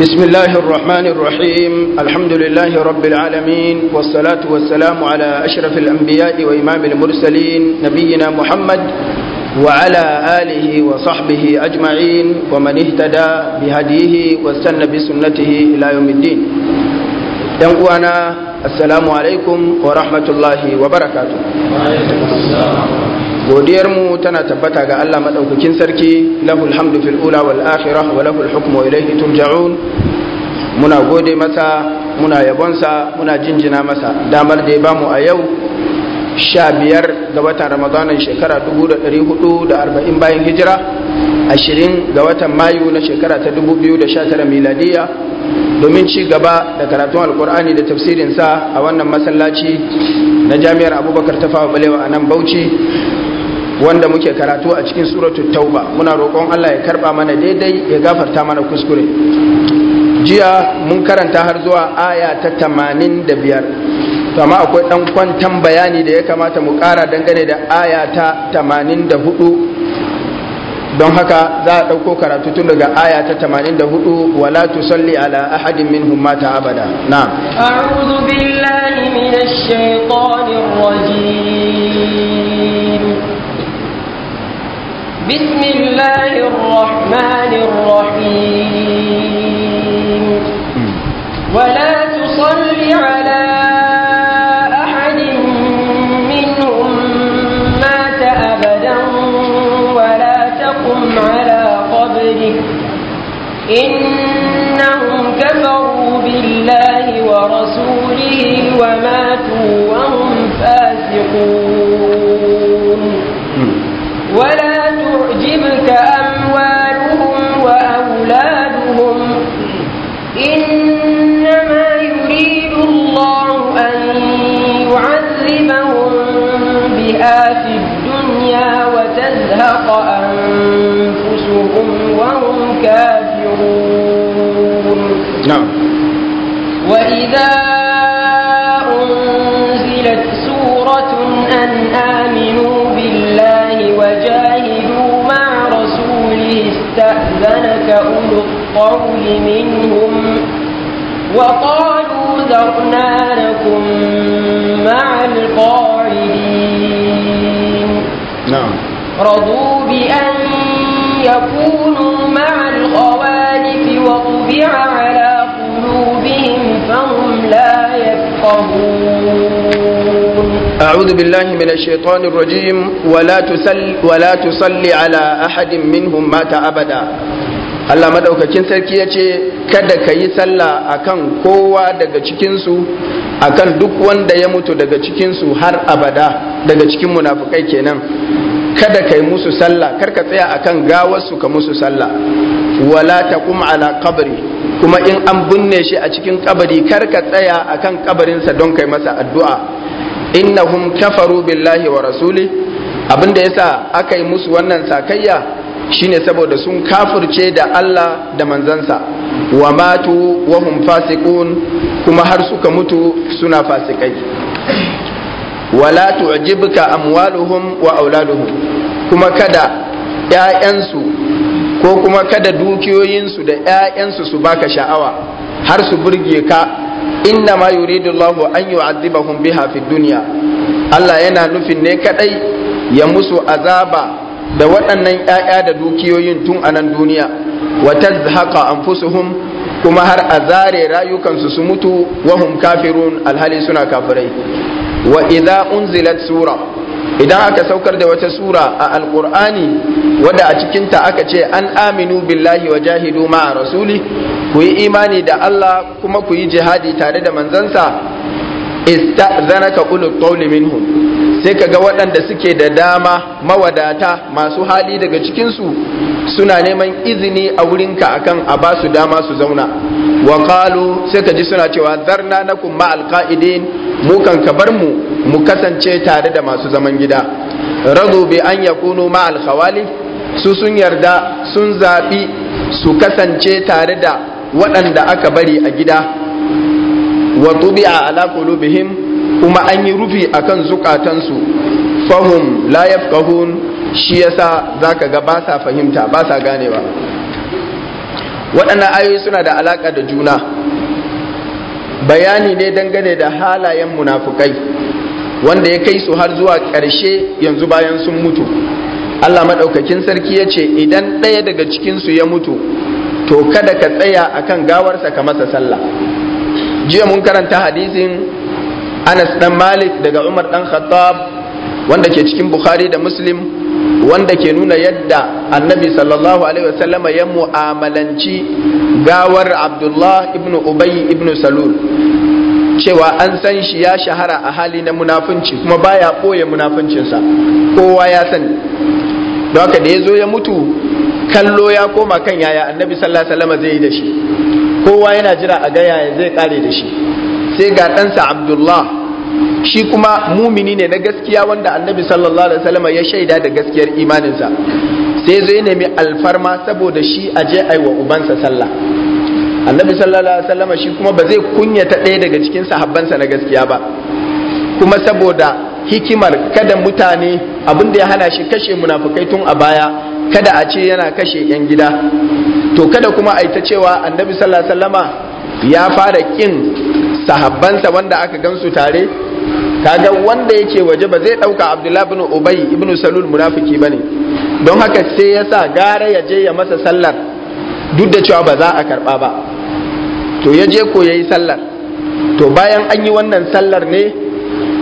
بسم الله الرحمن الرحيم الحمد لله رب العالمين والصلاة والسلام على أشرف الأنبياء وإمام المرسلين نبينا محمد وعلى آله وصحبه أجمعين ومن اهتدى بهديه واستنى بسنته إلى يوم الدين ينقوانا السلام عليكم ورحمة الله وبركاته godiyar mu tana tabbata ga Allah madaukakin sarki lahul hamdu fil ula wal akhirah wa lahul hukmu ilayhi turja'un muna gode masa muna yabonsa muna jinjina masa damar da ya bamu a yau sha biyar ga watan ramadanin shekara arba'in bayan hijira ashirin ga watan mayu na shekara ta 2019 miladiya domin ci gaba da karatun alkur'ani da tafsirinsa a wannan masallaci na jami'ar abubakar tafawa balewa a nan bauchi wanda muke karatu a cikin suratul tauba muna roƙon Allah ya karba mana daidai ya gafarta mana kuskure jiya mun karanta har zuwa aya ta 85 amma akwai ɗan kwantan bayani da ya kamata mu ƙara dangane da aya ta 84 don haka za a ɗauko karatu tun daga aya ta 84 wala tu salli ala ahadin minhum mata abada na a'udhu billahi minash shaitanir rajim بسم الله الرحمن الرحيم ولا تصل على أعوذ بالله من الشيطان الرجيم ولا تسل ولا تصلي على أحد منهم مات أبدا Allah madaukakin sarki ya ce kada ka yi sallah akan kowa daga cikinsu akan duk wanda ya mutu daga cikinsu har abada daga cikin munafukai kenan kada ka yi musu sallah kar ka tsaya akan gawarsu ka musu sallah wala kuma ala qabri kuma in an binne shi a cikin kabari kar ka tsaya akan kabarinsa don kai masa addu'a innahum kafaru billahi wa rasuli abinda yasa aka yi musu wannan sakayya shine saboda sun kafirce da Allah da manzansa wa matu wa hum fasiqun kuma har suka mutu suna fasikai wala tu'jibka amwaluhum wa auladuhum kuma kada ƴaƴansu ko kuma kada dukiyoyinsu da ƴaƴansu su baka sha'awa har su burge ka inna ma yuridu Allah an yu'adhibahum biha fid dunya Allah yana nufin ne kadai ya musu azaba da waɗannan ƴaƴa da dukiyoyin tun a nan duniya wa tazhaqa anfusuhum kuma har a zare rayukansu su mutu wahum kafirun alhali suna kafirai wa idza unzilat sura idan aka saukar da wata sura a alkur'ani wadda a cikinta aka ce an aminu billahi wa jahidu a rasuli ku yi imani da Allah kuma ku yi jihadi tare da manzansa istazanaka ulul qawli minhum sai kaga waɗanda suke da dama mawadata masu hali daga cikinsu suna neman izini a wurinka akan a ba su dama su zauna wa sai ka ji suna cewa zarna na ma alqaidin mu kan ka bar mu mu kasance tare da masu zaman gida rago bai an kuno ma alkhawali su sun yarda sun zaɓi su kasance tare da waɗanda aka bari a gida wa a ala qulubihim kuma an yi rufi a kan zukatansu fahim la yafqahun shi yasa ka ga ba sa fahimta ba sa ganewa waɗannan ayoyi suna da alaƙa da juna bayani ne dangane da halayen munafukai wanda ya kai su har zuwa ƙarshe yanzu bayan sun mutu Allah maɗaukakin sarki ya ce idan ɗaya daga cikinsu ya mutu to kada ka tsaya akan gawarsa ka masa sallah jiya mun karanta hadisin Anas dan Malik daga Umar dan Khattab wanda ke cikin Bukhari da Muslim wanda ke nuna yadda Annabi sallallahu alaihi wasallama ya mu'amalanci gawar Abdullah ibn Ubay ibn Salul cewa an san shi ya shahara a hali na munafunci kuma baya ɓoye munafuncinsa kowa ya sani don haka da ya zo ya mutu kallo ya koma kan yaya annabi sallallahu alaihi wasallam zai yi da shi kowa yana jira a ga yaya zai kare da shi sai ga ɗansa abdullah shi kuma mumini ne na gaskiya wanda annabi sallallahu alaihi wasallam ya shaida da gaskiyar imaninsa sai zai nemi alfarma saboda shi aje ai wa ubansa sallah annabi sallallahu alaihi wasallam shi kuma ba zai kunyata ɗaya daga cikin sahabbansa na gaskiya ba kuma saboda hikimar kada mutane abin da ya hana shi kashe munafukai tun a baya kada a ce yana kashe yan gida to kada kuma a ta cewa annabi sallallahu alaihi wasallama ya fara kin sahabbansa wanda aka gansu tare kaga wanda yake waje ba zai dauka abdullahi ibn ubay ibn salul munafiki bane don haka sai yasa gara ya je ya masa sallar duk da cewa ba za a karba ba to ya je ko yayi sallar to bayan an yi wannan sallar ne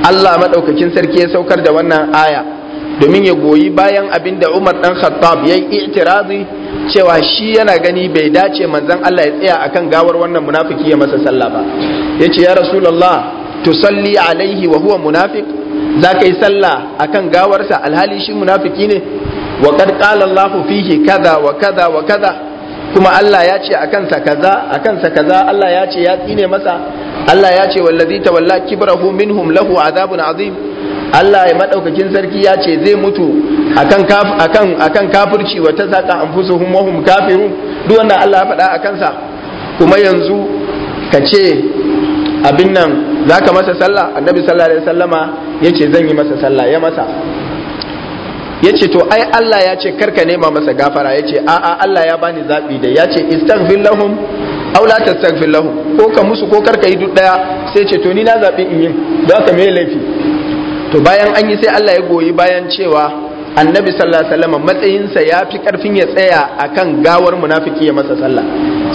Allah madaukakin sarki ya saukar da wannan aya domin ya goyi bayan abin da Umar dan Khattab ya yi itirazi cewa shi yana gani bai dace manzon Allah ya tsaya akan gawar wannan munafiki ya masa sallah ba yace ya Rasulullah tusalli alaihi wa huwa munafiq za ka yi sallah akan gawarsa alhali shi munafiki ne wa qad qala fihi kaza wa kaza wa kaza kuma Allah ya ce a kansa kaza akan sa kaza Allah ya ce ya tsine masa Allah ya ce wallazi tawalla kibrahu minhum lahu azabun azim Allah ya madaukakin sarki ya ce zai mutu akan akan akan kafirci wa ta saka anfusuhum wa hum kafirun duk wannan Allah ya faɗa a kansa kuma yanzu ka ce abin nan zaka masa sallah annabi sallallahu alaihi wasallama yace zan yi masa sallah ya masa yace to ai Allah ya ce karka nema masa gafara yace ce a'a Allah ya bani zabi da yace ce istaghfir lahum aw la tastaghfir lahum ko ka musu ko karka yi duk daya sai ce to ni na zaɓi in yi don ka me laifi to bayan an yi sai Allah ya goyi bayan cewa annabi sallallahu alaihi wasallam matsayinsa ya fi karfin ya tsaya akan gawar munafiki ya masa sallah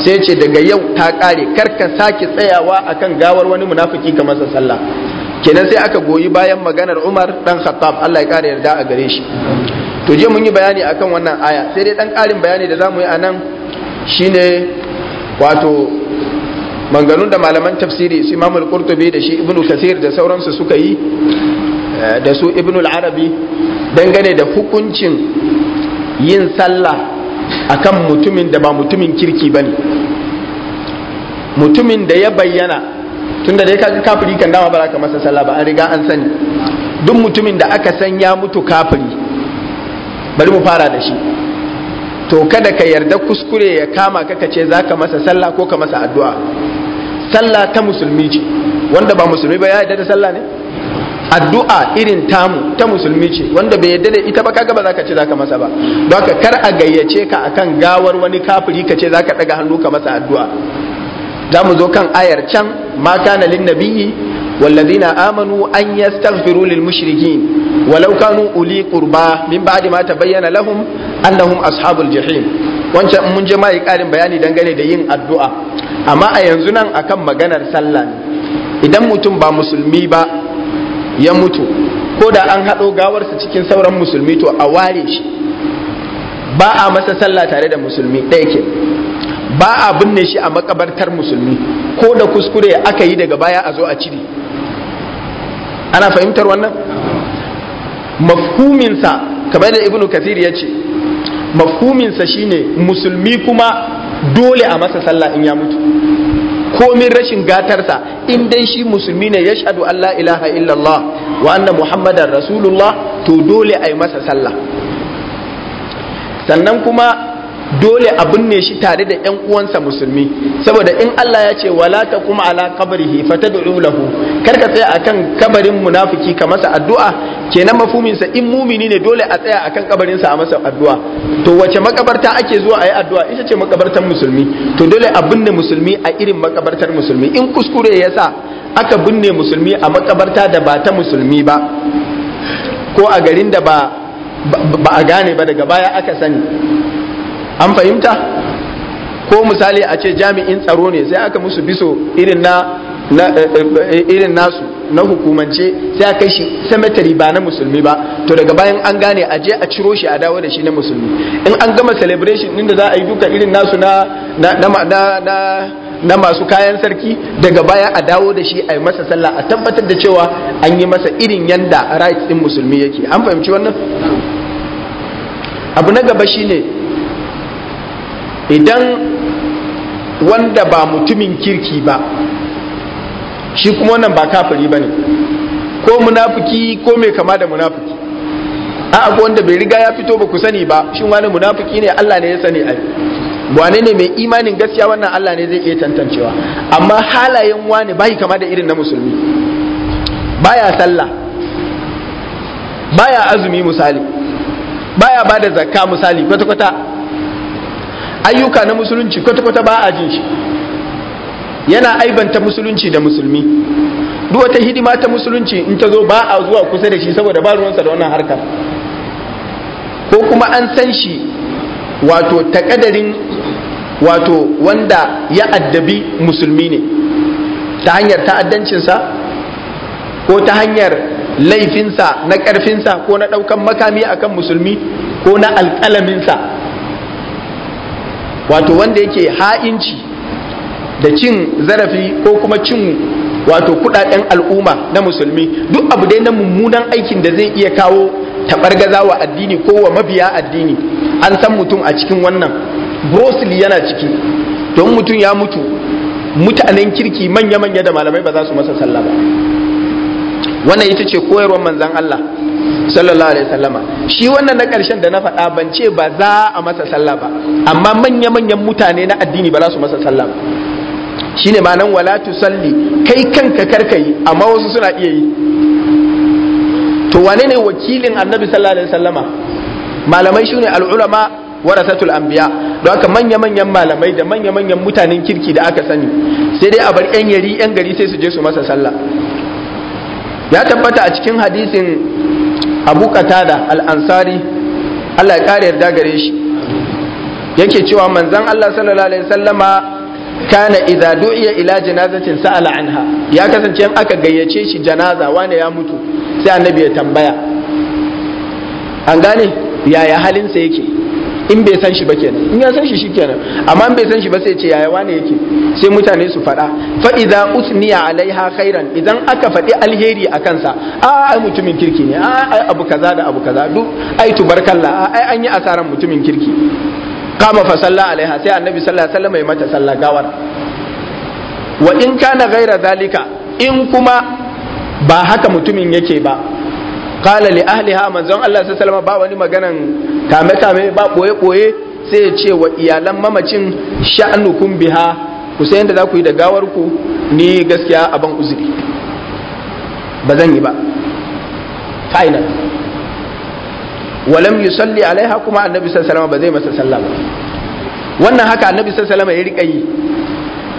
sai ce daga yau ta kare kar ka sake tsayawa akan gawar wani munafiki ka masa sallah kenan sai aka goyi bayan maganar Umar dan Khattab Allah ya kare yarda a gare shi to je mun yi bayani akan wannan aya sai dai dan karin bayani da zamu yi anan shine wato manganun da malaman tafsiri su Imam qurtubi da shi Ibn Kathir da sauransu suka yi Eh, da su ibn arabi dangane da hukuncin yin sallah akan mutumin da ba mutumin kirki bane mutumin da ya bayyana tunda dai kaga kafiri kan dama ba ka masa sallah ba an riga an sani duk mutumin da aka san ya mutu kafiri bari mu fara da shi to kada ka yarda kuskure ya kama ka kace zaka masa sallah ko ka masa addu'a sallah ta musulmi ce wanda ba musulmi ba ya yarda da sallah ne addu'a irin tamu ta musulmi ce wanda bai yadda da ita ba kaga ba za ka ce za ka masa ba baka ka kar a gayyace ka akan gawar wani kafiri ka ce za ka ɗaga hannu ka masa addu'a za mu zo kan ayar can ma kana lin nabiyyi wallazina amanu an yastaghfiru lil mushrikin walau kanu uli qurba min ba'di ma tabayyana lahum annahum ashabul jahim wancan mun je mai karin bayani dangane da yin addu'a amma a yanzu nan akan maganar sallah idan mutum ba musulmi ba ya mutu ko da an haɗo gawarsa cikin sauran musulmi to a ware shi ba a masa sallah tare da musulmi ɗaya ke ba a binne shi a makabartar musulmi ko da kuskure aka yi daga baya a zo a cire ana fahimtar wannan mafhuminsa kamar da ibnu kathir ya ce mafhuminsa shine musulmi kuma dole a masa sallah in ya mutu komin rashin gatarsa in dai shi musulmi ne ya shaɗu Allah ilaha illallah wa anna muhammadan rasulullah to dole a yi masa sallah sannan kuma dole a binne shi tare da ƴan uwansa musulmi saboda in Allah ya ce wala ta kuma ala qabrihi fatad'u lahu kar ka tsaya akan kabarin munafiki ka masa addu'a kenan mafumin sa in mumini ne dole a tsaya akan kabarin sa a masa addu'a to wace makabarta ake zuwa a yi addu'a ita ce makabartar musulmi to dole a binne musulmi a irin makabartar musulmi in kuskure yasa aka binne musulmi a makabarta da ba ta musulmi ba ko a garin da ba ba a gane ba daga baya aka sani an fahimta ko misali a ce jami'in tsaro ne sai aka musu biso irin na eh, eh, eh, irin nasu na hukumance sai aka shi cemetery ba na musulmi ba to daga bayan an gane a je a ciro shi a dawo da shi na musulmi in an gama celebration din da za a yi duka irin nasu na na masu kayan sarki daga baya a dawo da shi a yi masa sallah a tabbatar da cewa an yi masa irin yanda rights din musulmi yake an fahimci wannan abu na gaba shine idan wanda ba mutumin kirki ba shi kuma wannan ba kafiri ba ne ko munafiki ko mai kama da munafiki a wanda bai riga ya fito ba ku sani ba shin wani munafiki ne Allah ne ya sani a wane ne mai imanin gaskiya wannan Allah ne zai iya tantancewa amma halayen wani bai kama da irin na musulmi baya sallah baya azumi misali baya bada zakka misali kwata-kwata ayyuka na musulunci kwata-kwata ba a jin shi yana aibanta musulunci da musulmi duk wata hidima ta musulunci in ta zo ba a zuwa kusa da shi saboda ba ruwansa da wannan harkar ko kuma an san shi wato takadarin wato wanda ya addabi musulmi ne ta hanyar ta'addancinsa ko ta hanyar laifinsa na ƙarfinsa ko na ɗaukan makami akan musulmi ko na alƙalaminsa wato wanda yake ha'inci da cin zarafi ko kuma cin wato kudaden al'umma na musulmi duk abu dai na mummunan aikin da zai iya kawo tabargaza wa addini ko wa mabiya addini an san mutum a cikin wannan brosili yana ciki don mutum ya mutu mutanen kirki manya-manya da malamai ba za su masa sallah ba wannan ita ce koyarwar manzan Allah sallallahu alaihi wasallama shi wannan na karshen da na faɗa ban ce ba za a masa sallah ba amma manya manyan mutane na addini ba za su masa sallah ba shine ma'anan wala tu salli kai kanka karkayi amma wasu suna iya yi to wane ne wakilin annabi sallallahu alaihi wasallama malamai shine al'ulama warasatul anbiya don haka manya manyan malamai da manya manyan mutanen kirki da aka sani sai dai a bar yan yari yan gari sai su je su masa salla ya tabbata a cikin hadisin abu qatada al-ansari Allah ya kare yarda gare shi yake cewa manzon Allah sallallahu alaihi wasallama kana idza du'iya ila janazatin sa'ala anha ya kasance in aka gayyace shi janaza wane ya mutu sai annabi ya tambaya an gane yaya halinsa yake in bai san shi ba kenan in ya san shi shikenan amma in bai san shi ba sai ce yaya wane yake sai mutane su faɗa fa idza usniya alaiha khairan idan aka faɗi alheri a kansa a ai mutumin kirki ne a ai abu kaza da abu kaza duk ai tubarkalla a ai an yi asaran mutumin kirki kama fa salla alaiha sai annabi sallallahu alaihi wasallam ya mata sallah gawar wa in kana ghaira zalika in kuma ba haka mutumin yake ba qala li ahliha manzon Allah sallallahu alaihi wasallam ba wani maganan kame kame ba boye boye sai ya ce wa iyalan mamacin sha'anukum biha ku sai yanda za ku yi da gawar ku ni gaskiya aban uzuri ba zan yi ba final walam yusalli alaiha kuma annabi sallallahu alaihi wasallam ba zai masa sallah wannan haka annabi sallallahu alaihi wasallam ya riƙa yi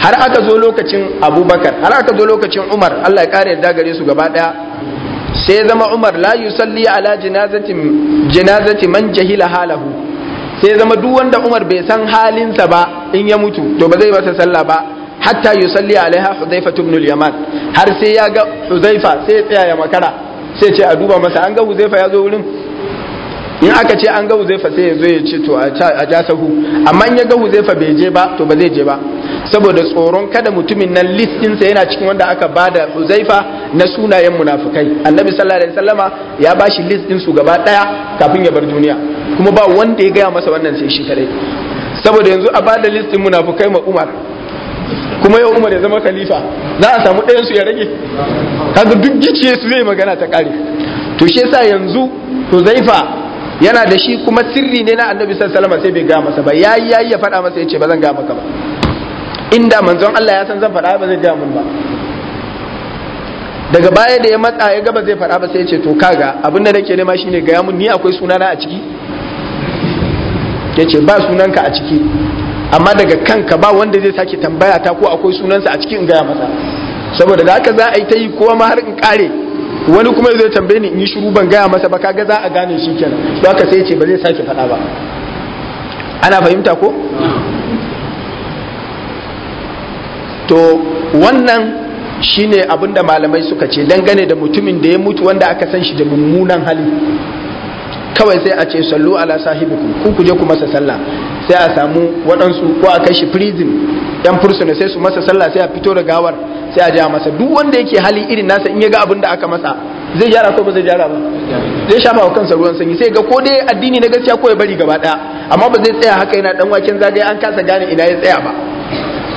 har aka zo lokacin abubakar har aka zo lokacin umar allah ya kare da gare su gaba daya sai zama umar la yusalli ala jinazati man jahila halahu sai zama duk wanda umar bai san halinsa ba in ya mutu to ba zai masa sallah ba hatta yusalli alaiha hudhaifa ibn al-yaman har sai ya ga hudhaifa sai tsaya ya makara sai ce a duba masa an ga hudhaifa ya zo wurin in aka ce an ga huzaifa sai ya zo ya ce to a ja sahu amma in ya ga huzaifa bai je ba to ba zai je ba saboda tsoron kada mutumin nan listinsa ɗinsa yana cikin wanda aka bada uzaifa na sunayen munafukai annabi sallallahu alaihi wasallama ya bashi list ɗin su gaba ɗaya kafin ya bar duniya kuma ba wanda ya gaya masa wannan sai shi kadai saboda yanzu a bada list ɗin munafukai ma umar kuma yau umar ya zama khalifa za a samu ɗayan su ya rage kaga duk giciye su zai magana ta kare to shi yasa yanzu uzaifa yana da shi kuma sirri ne na annabi sallallahu alaihi wasallam sai bai ga masa ba yayi yayi ya faɗa masa yace ba zan ga maka ba inda manzon Allah ya san zan faɗa ba zai gaya mun ba daga baya da ya matsa ya gaba zai faɗa ba sai ya ce to kaga abin da nake nema shine gaya mun ni akwai sunana a ciki ya ce ba sunanka a ciki amma daga kanka ba wanda zai sake tambaya ta ko akwai sunansa a ciki cikin gaya masa saboda da haka za a yi ta yi kowa ma har in kare wani kuma zai tambaye ni in yi shiru ban gaya masa ba kaga za a gane shi kenan don haka sai ya ce ba zai sake faɗa ba ana fahimta ko to wannan shine abinda malamai suka ce dangane da mutumin da ya mutu wanda aka san shi da mummunan hali kawai sai a ce sallu ala sahibikum ku kuje ku masa sallah sai a samu waɗansu ko a kai shi prison yan fursuna sai su masa sallah sai a fito da gawar sai a ja masa duk wanda yake hali irin nasa in ya ga abin da aka masa zai gyara ko ba zai gyara ba zai shafa wa kansa ruwan sanyi sai ga ko dai addini na gaskiya ko ya bari gaba daya amma ba zai tsaya haka yana dan waken zagaye an kasa gane ina ya tsaya ba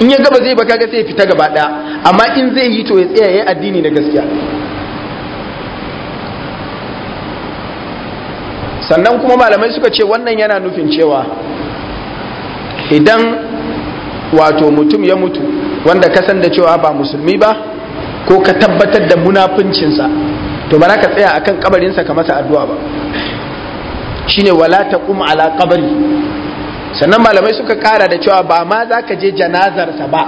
in ya gaba zai baka gasa sai ya fita gaba daya amma in zai yi to ya tsaya addini na gaskiya sannan kuma malamai suka ce wannan yana nufin cewa idan wato mutum ya mutu wanda ka san da cewa ba musulmi ba ko ka tabbatar da munafuncinsa to ba za ka tsaya a kan kabarinsa ka masa addu'a ba shine wala ta ala kabari sannan malamai suka kara da cewa ba ma za ka je janazarsa ba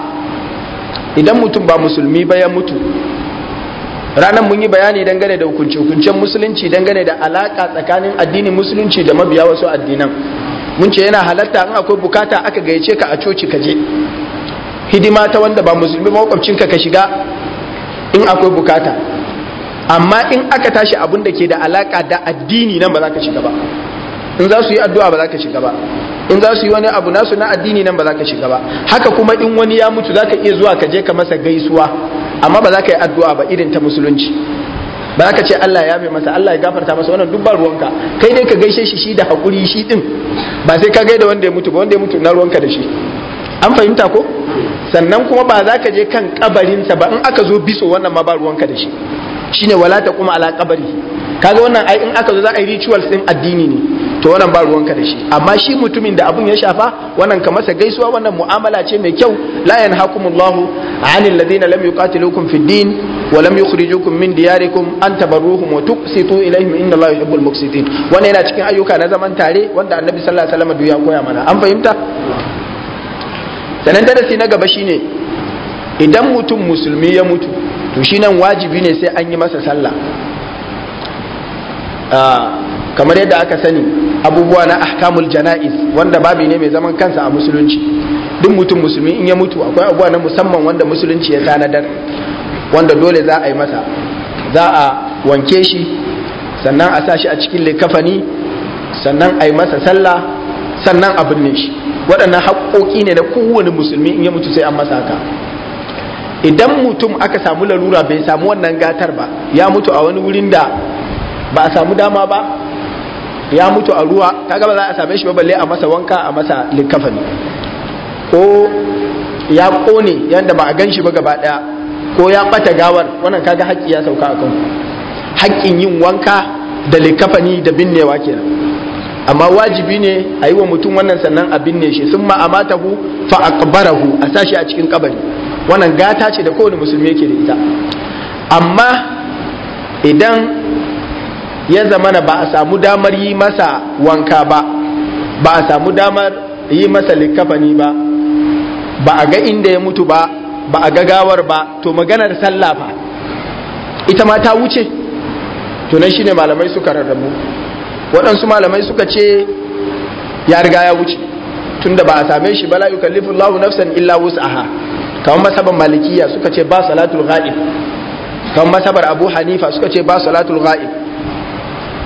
idan mutum ba musulmi ba ya mutu ranar mun yi bayani dangane da hukunce-hukuncen musulunci dangane da alaka tsakanin addinin musulunci da mabiya wasu addinan mun ce yana halatta in akwai bukata aka gayyace ka a coci ka je hidima ta wanda ba musulmi makwabcinka ka shiga in akwai bukata amma in aka tashi abin da ke da alaka da addini nan ba za ka shiga ba in za su yi addu'a ba za ka shiga ba in za su yi wani abu nasu na addini nan ba za ka shiga ba haka kuma in wani ya mutu za ka iya zuwa ka je ka masa gaisuwa amma ba za ka yi addu'a ba irin ta musulunci ba za ka ce Allah ya mai masa Allah ya gafarta masa wannan duk ruwanka kai dai ka gaishe shi shi da hakuri shi din ba sai ka gaida wanda ya mutu ba wanda ya mutu na ruwanka da shi an fahimta ko sannan kuma ba za ka je kan kabarinsa ba in aka zo biso wannan ma ba ruwanka da shi shine wala ta kuma ala kabari kaga wannan ai in aka zo za a yi rituals din addini ne to wannan ba ruwanka da shi amma shi mutumin da abun ya shafa wannan ka masa gaisuwa wannan mu'amala ce mai kyau la yanhakumullahu anil ladina lam yuqatilukum fid din wa lam yukhrijukum min diyarikum an tabarruhum wa tuqsitu ilaihim inna allaha yuhibbul muqsitin wannan yana cikin ayyuka na zaman tare wanda annabi sallallahu alaihi wasallam ya koya mana an fahimta sanan darasi na gaba shine idan mutum musulmi ya mutu to shi nan wajibi ne sai an yi masa sallah ah, kamar yadda aka sani abubuwa na ahkamul jana'iz wanda babi ne mai zaman kansa a musulunci duk mutum musulmi in ya mutu akwai abubuwa na musamman wanda musulunci ya tanadar wanda dole za a yi masa za a wanke shi sannan a sa shi a cikin likafani sannan a yi masa sallah sannan a binne shi waɗannan haƙoƙi ne na kowane musulmi in ya mutu sai an masa haka idan mutum aka samu larura bai samu wannan gatar ba ya mutu a wani wurin da ba a samu dama ba ya mutu a ruwa ta gaba za a same shi ba balle a masa wanka a masa likafani ko ya kone yadda ba a gan shi ba gaba daya ko ya bata gawar wannan kaga haƙƙi ya sauka a kanku haƙƙin yin wanka da likafani da binnewa kenan amma wajibi ne a yi wa mutum wannan sannan a binne shi sun ma hu fa aqbarahu a sashi a cikin kabari wannan gata ce da kowane musulmi yake da ita amma idan ya zamana ba a samu damar yi masa wanka ba ba a samu damar yi masa likafani ba ba a ga inda ya mutu ba ba a ga gawar ba to maganar sallah ba ita ma ta wuce to shi ne malamai suka rarrabu waɗansu malamai suka ce ya riga ya wuce tunda ba a same shi bala yukallifu Allahu nafsan illa wus'aha kamar masabar malikiya suka ce ba salatul ghaib kamar masabar Abu Hanifa suka ce ba salatul ghaib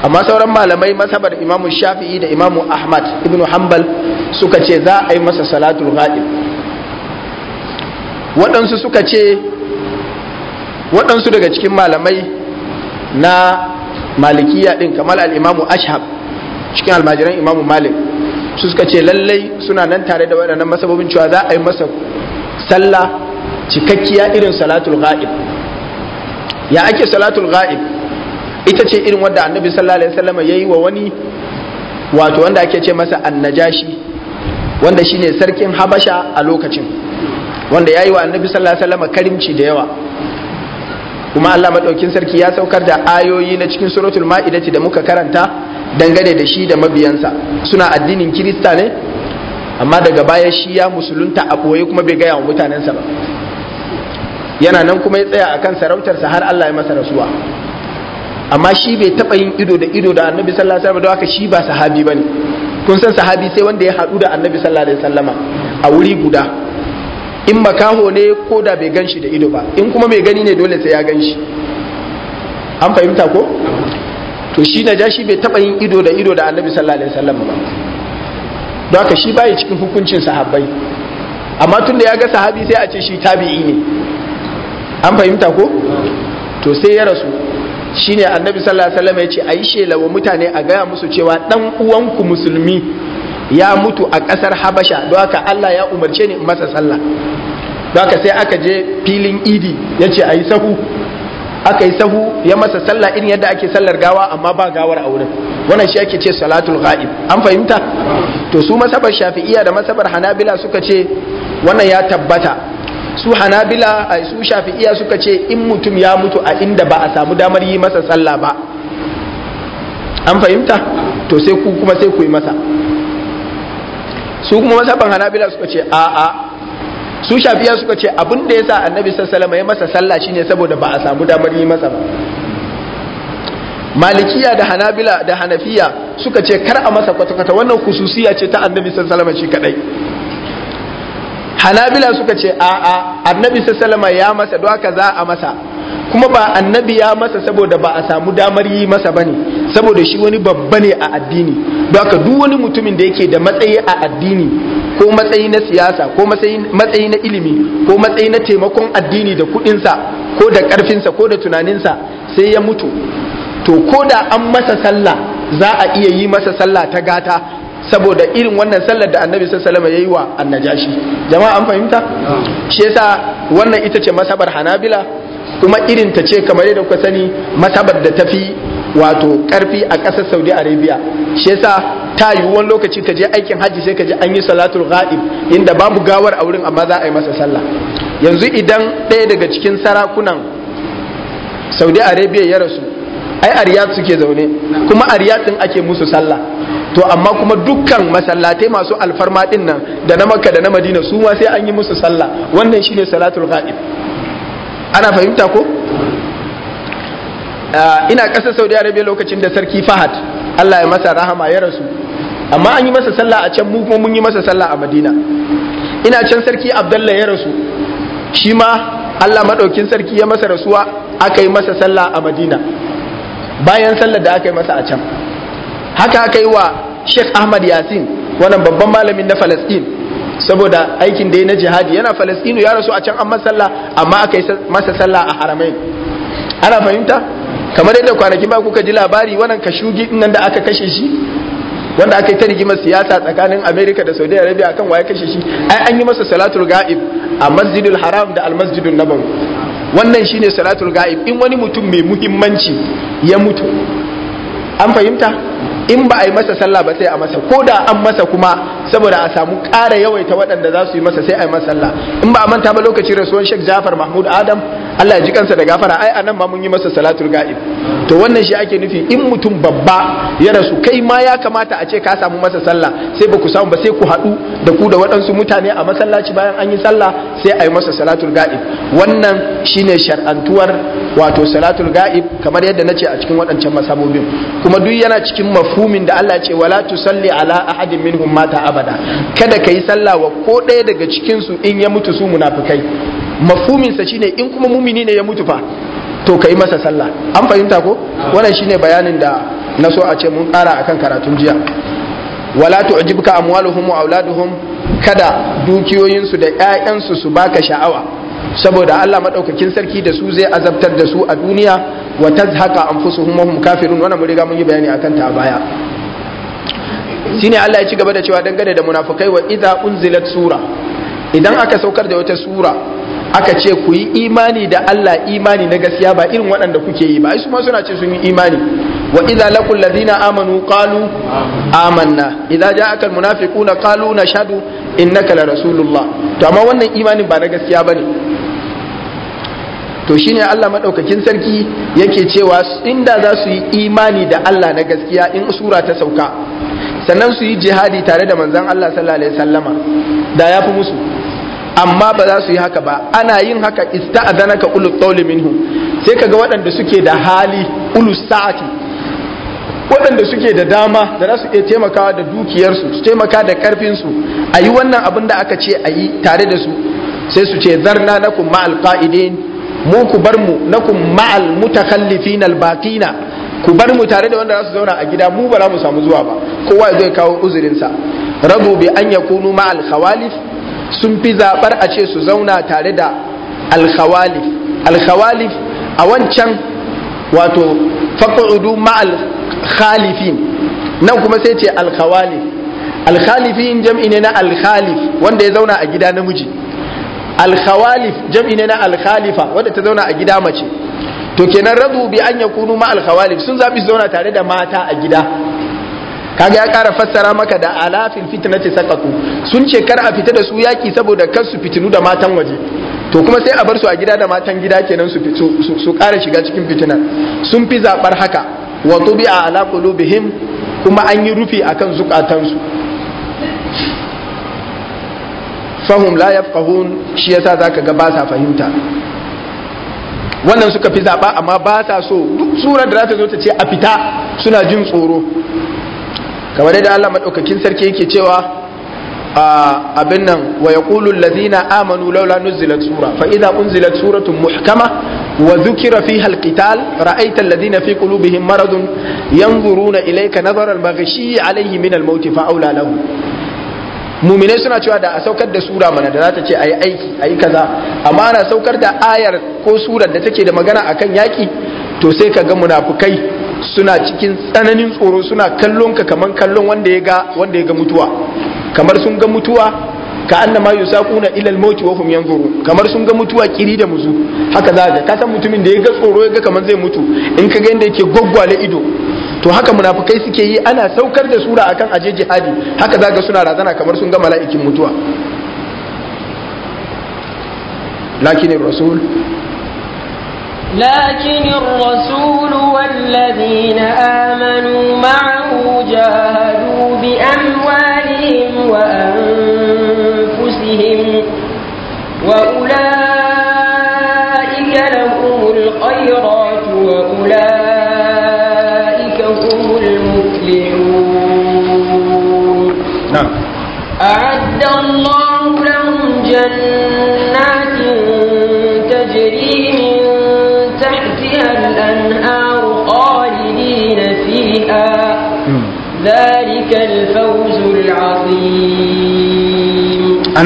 amma sauran malamai masabar imamu shafi'i da imamu ahmad ibn hanbal suka ce za a yi masa salatul ghaib waɗansu suka ce waɗansu daga cikin malamai na malikiya ɗin kamar al'imamu ashab cikin almajiran imamu malik su suka ce lallai suna nan tare da waɗannan masabobin cewa za a yi masa sallah cikakkiya irin salatul ghaib ya ake salatul ghaib ita ce irin wadda annabi sallallahu alaihi wasallam yi wa wani wato wanda ake ce masa annajashi wanda shine sarkin habasha a lokacin wanda ya yi wa annabi sallallahu alaihi wasallam karimci da yawa kuma Allah madaukin sarki ya saukar da ayoyi na cikin suratul ma'idati da muka karanta dangane da shi da mabiyansa suna addinin kirista ne amma daga baya shi ya musulunta a ɓoye kuma bai gaya wa mutanensa ba yana nan kuma ya tsaya akan sarautarsa har Allah ya masa rasuwa amma shi bai taba yin ido da ido da annabi sallallahu alaihi wasallam don haka shi ba sahabi bane kun san sahabi sai wanda ya haɗu da annabi sallallahu alaihi wasallama a wuri guda in makaho ne ko da bai ganshi da ido ba in kuma mai gani ne dole sai ya ganshi an fahimta ko to shi na ja shi bai taba yin ido da ido da annabi sallallahu alaihi wasallama ba don haka shi bai cikin hukuncin sahabbai amma tun da ya ga sahabi sai a ce shi tabi'i ne an fahimta ko to sai ya rasu shine annabi sallallahu alaihi wasallam ya ce ayi shela wa mutane a gaya musu cewa dan uwanku musulmi ya mutu a kasar habasha don haka Allah ya umarce ni in masa sallah don haka sai aka je filin idi ya ce ayi sahu aka yi sahu ya masa sallah in yadda ake sallar gawa amma ba gawar a wurin wannan shi ake ce salatul ghaib an fahimta to su masabar shafi'iya da masabar hanabila suka ce wannan ya tabbata su hanabila a su shafi'iya suka ce in mutum ya mutu a inda ba a samu damar yi masa sallah ba an fahimta to sai ku kuma sai ku yi masa su kuma masaban hanabila suka ce a a su shafi'iya suka ce abin da yasa annabi sassalama ya masa sallah shine saboda ba a samu damar yi masa ba malikiya da hanabila da hanafiya suka ce kar a masa kwata-kwata wannan kususiya ce ta annabi sassalama shi kadai hanabila suka ce a'a annabi sallama ya masa don haka za a masa kuma ba annabi ya masa saboda ba a samu damar yi masa bane saboda shi wani babba ne a addini Duka duk wani mutumin da yake da matsayi a addini ko matsayi na siyasa ko matsayi na ilimi ko matsayi na taimakon addini da kudinsa ko da karfinsa ko da tunaninsa sai ya mutu to ko da an masa sallah za a iya yi masa sallah ta gata saboda irin wannan sallar da annabi ya alaihi wa annajashi jama'a an fahimta shi yasa wannan ita ce masabar hanabila kuma irin ta ce kamar yadda kuka sani masabar da tafi wato karfi a ƙasar saudi arabia shi yasa ta yi wani lokaci ka je aikin hajji sai ka je an yi salatul ghaib inda babu gawar a wurin amma za a yi masa sallah yanzu idan ɗaya daga cikin sarakunan saudi arabia ya rasu ai a riyad suke zaune kuma a riyad din ake musu sallah to amma kuma dukkan masallatai masu alfarma din nan da na makka da na madina su ma sai an yi musu sallah wannan shine salatul ghaib ana fahimta ko ah, ina ƙasar saudi arabia lokacin da sarki fahad allah ya masa rahama ya rasu amma an yi masa sallah a can mu kuma mun yi masa sallah a madina ina can sarki Abdullahi ya rasu shi ma allah maɗaukin sarki ya masa rasuwa aka yi masa sallah a madina bayan sallar da aka yi masa a can haka aka yi wa sheikh ahmad yasin wannan babban malamin na falastin saboda aikin da ya na jihadi yana falastinu ya rasu a can an masalla amma aka yi masa sallah a haramai ana fahimta kamar yadda kwanaki ba kuka ji labari wannan kashugi nan da aka kashe shi wanda aka yi ta rigimar siyasa tsakanin america da saudi arabia kan waye kashe shi ai an yi masa salatul ga'ib a masjidul haram da almasjidul nabawi wannan shine salatul ga'ib in wani mutum mai muhimmanci ya mutu an fahimta in ba a yi masa sallah ba sai a masa ko da an masa kuma saboda a samu ƙara yawaita waɗanda za su yi masa sai a yi masa sallah in ba a manta ba lokaci rasuwan shek Jafar Mahmud Adam Allah ya ji kansa da gafara ai anan ma mun yi masa salatul ga'ib to wannan shi ake nufi in mutum babba ya rasu kai ma ya kamata a ce ka samu masa sallah sai ba ku samu ba sai ku haɗu da ku da waɗansu mutane a masallaci bayan an yi sallah sai a yi masa salatul ga'ib wannan shine shar'antuwar wato salatul ga'ib kamar yadda nace a cikin waɗancan masabobin kuma duk yana cikin cikin mafhumin da Allah ce wala salli ala ahadin minhum mata abada kada kai sallah wa ko ɗaya daga cikin su in ya mutu su munafikai mafhumin sa shine in kuma mumini ne ya mutu fa to kai masa sallah an fahimta ko wannan shine bayanin da na so a ce mun ƙara akan karatun jiya wala ujibka amwaluhum wa auladuhum kada dukiyoyinsu da 'ya'yansu su baka sha'awa saboda Allah maɗaukakin sarki da su zai azabtar da su a duniya wa an anfusuhum hum kafirun wannan mun riga mun yi bayani akan ta baya shine Allah ya ci gaba da cewa dangane da munafikai wa idza unzilat sura idan aka saukar da wata sura aka ce ku yi imani da Allah imani na gaskiya ba irin waɗanda kuke yi ba ai su ma suna ce sun yi imani wa idza laqul ladina amanu qalu amanna idza ja'aka almunafiquna qalu nashhadu innaka la rasulullah to amma wannan imanin ba na gaskiya bane to shine Allah madaukakin sarki yake cewa inda za su yi imani da Allah na gaskiya in sura ta sauka sannan su yi jihadi tare da manzan Allah sallallahu alaihi wasallama da yafi musu amma ba za su yi haka ba ana yin haka ista'adanaka ulul tawli minhu sai kaga waɗanda suke da hali ulus sa'ati waɗanda suke da dama da za su iya taimakawa da dukiyarsu su taimaka da karfinsu a yi wannan abin da aka ce a yi tare da su sai su ce zarna na ma'al qa'idin mu ku bar mu lakum ma'al mutakallifin albaqina ku bar mu tare da wanda za su zauna a gida mu ba za mu samu zuwa ba kowa zai kawo uzurinsa rabu bi an yakunu ma'al khawalif sun fi zabar a ce su zauna tare da alkhawalif alkhawalif a wancan wato faqudu ma'al khalifin nan kuma sai ce alkhawalif alkhalifin jam'i ne na alkhalif wanda ya zauna a gida namiji alkhawalif jam'i ne na alkhalifa wadda ta zauna a gida mace to kenan radu bi an yakunu ma alkhawalif sun zabi su zauna tare da mata a gida kaga ya kara fassara maka da alafin fitnati sakatu sun ce kar a fita da su yaki saboda kar su fitinu da matan waje to kuma sai a bar su a gida da matan gida kenan su su kara shiga cikin fitinar sun fi zabar haka wa tubi ala qulubihim kuma an yi rufi akan zukatansu Fahim la fahun shi yasa zaka ga ba sa fahimta wannan suka fi zaɓa amma ba sa so duk surar da za ta zo ta ce a fita suna jin tsoro kamar da Allah madaukakin sarki yake cewa abin nan wa yaqulu lazina amanu laula nuzilat sura fa idza unzilat suratun muhkama wa zukira fi alqital ra'aita allazina fi qulubihim maradun yanzuruna ilayka nazara almaghshi alayhi min al-mauti fa aula lahum muminai suna cewa da a saukar da sura mana da za ta ce a yi aiki a yi kaza amma ana saukar da ayar ko surar da take da magana a kan yaƙi to sai ka ga munafukai suna cikin tsananin tsoro suna kallon ka kaman kallon wanda ya ga mutuwa kamar sun ga mutuwa ka annama yusaquna ila al-maut wa hum yanzuru kamar sun ga mutuwa kiri da muzu haka za ka kasan mutumin da ya ga tsoro ya ga kamar zai mutu in ka ga yanda yake gwaggwale ido to haka munafukai suke yi ana saukar da sura akan aje jihadi haka za ka suna razana kamar sun ga mala'ikin mutuwa lakin rasul rasul, الرسول والذين amanu معه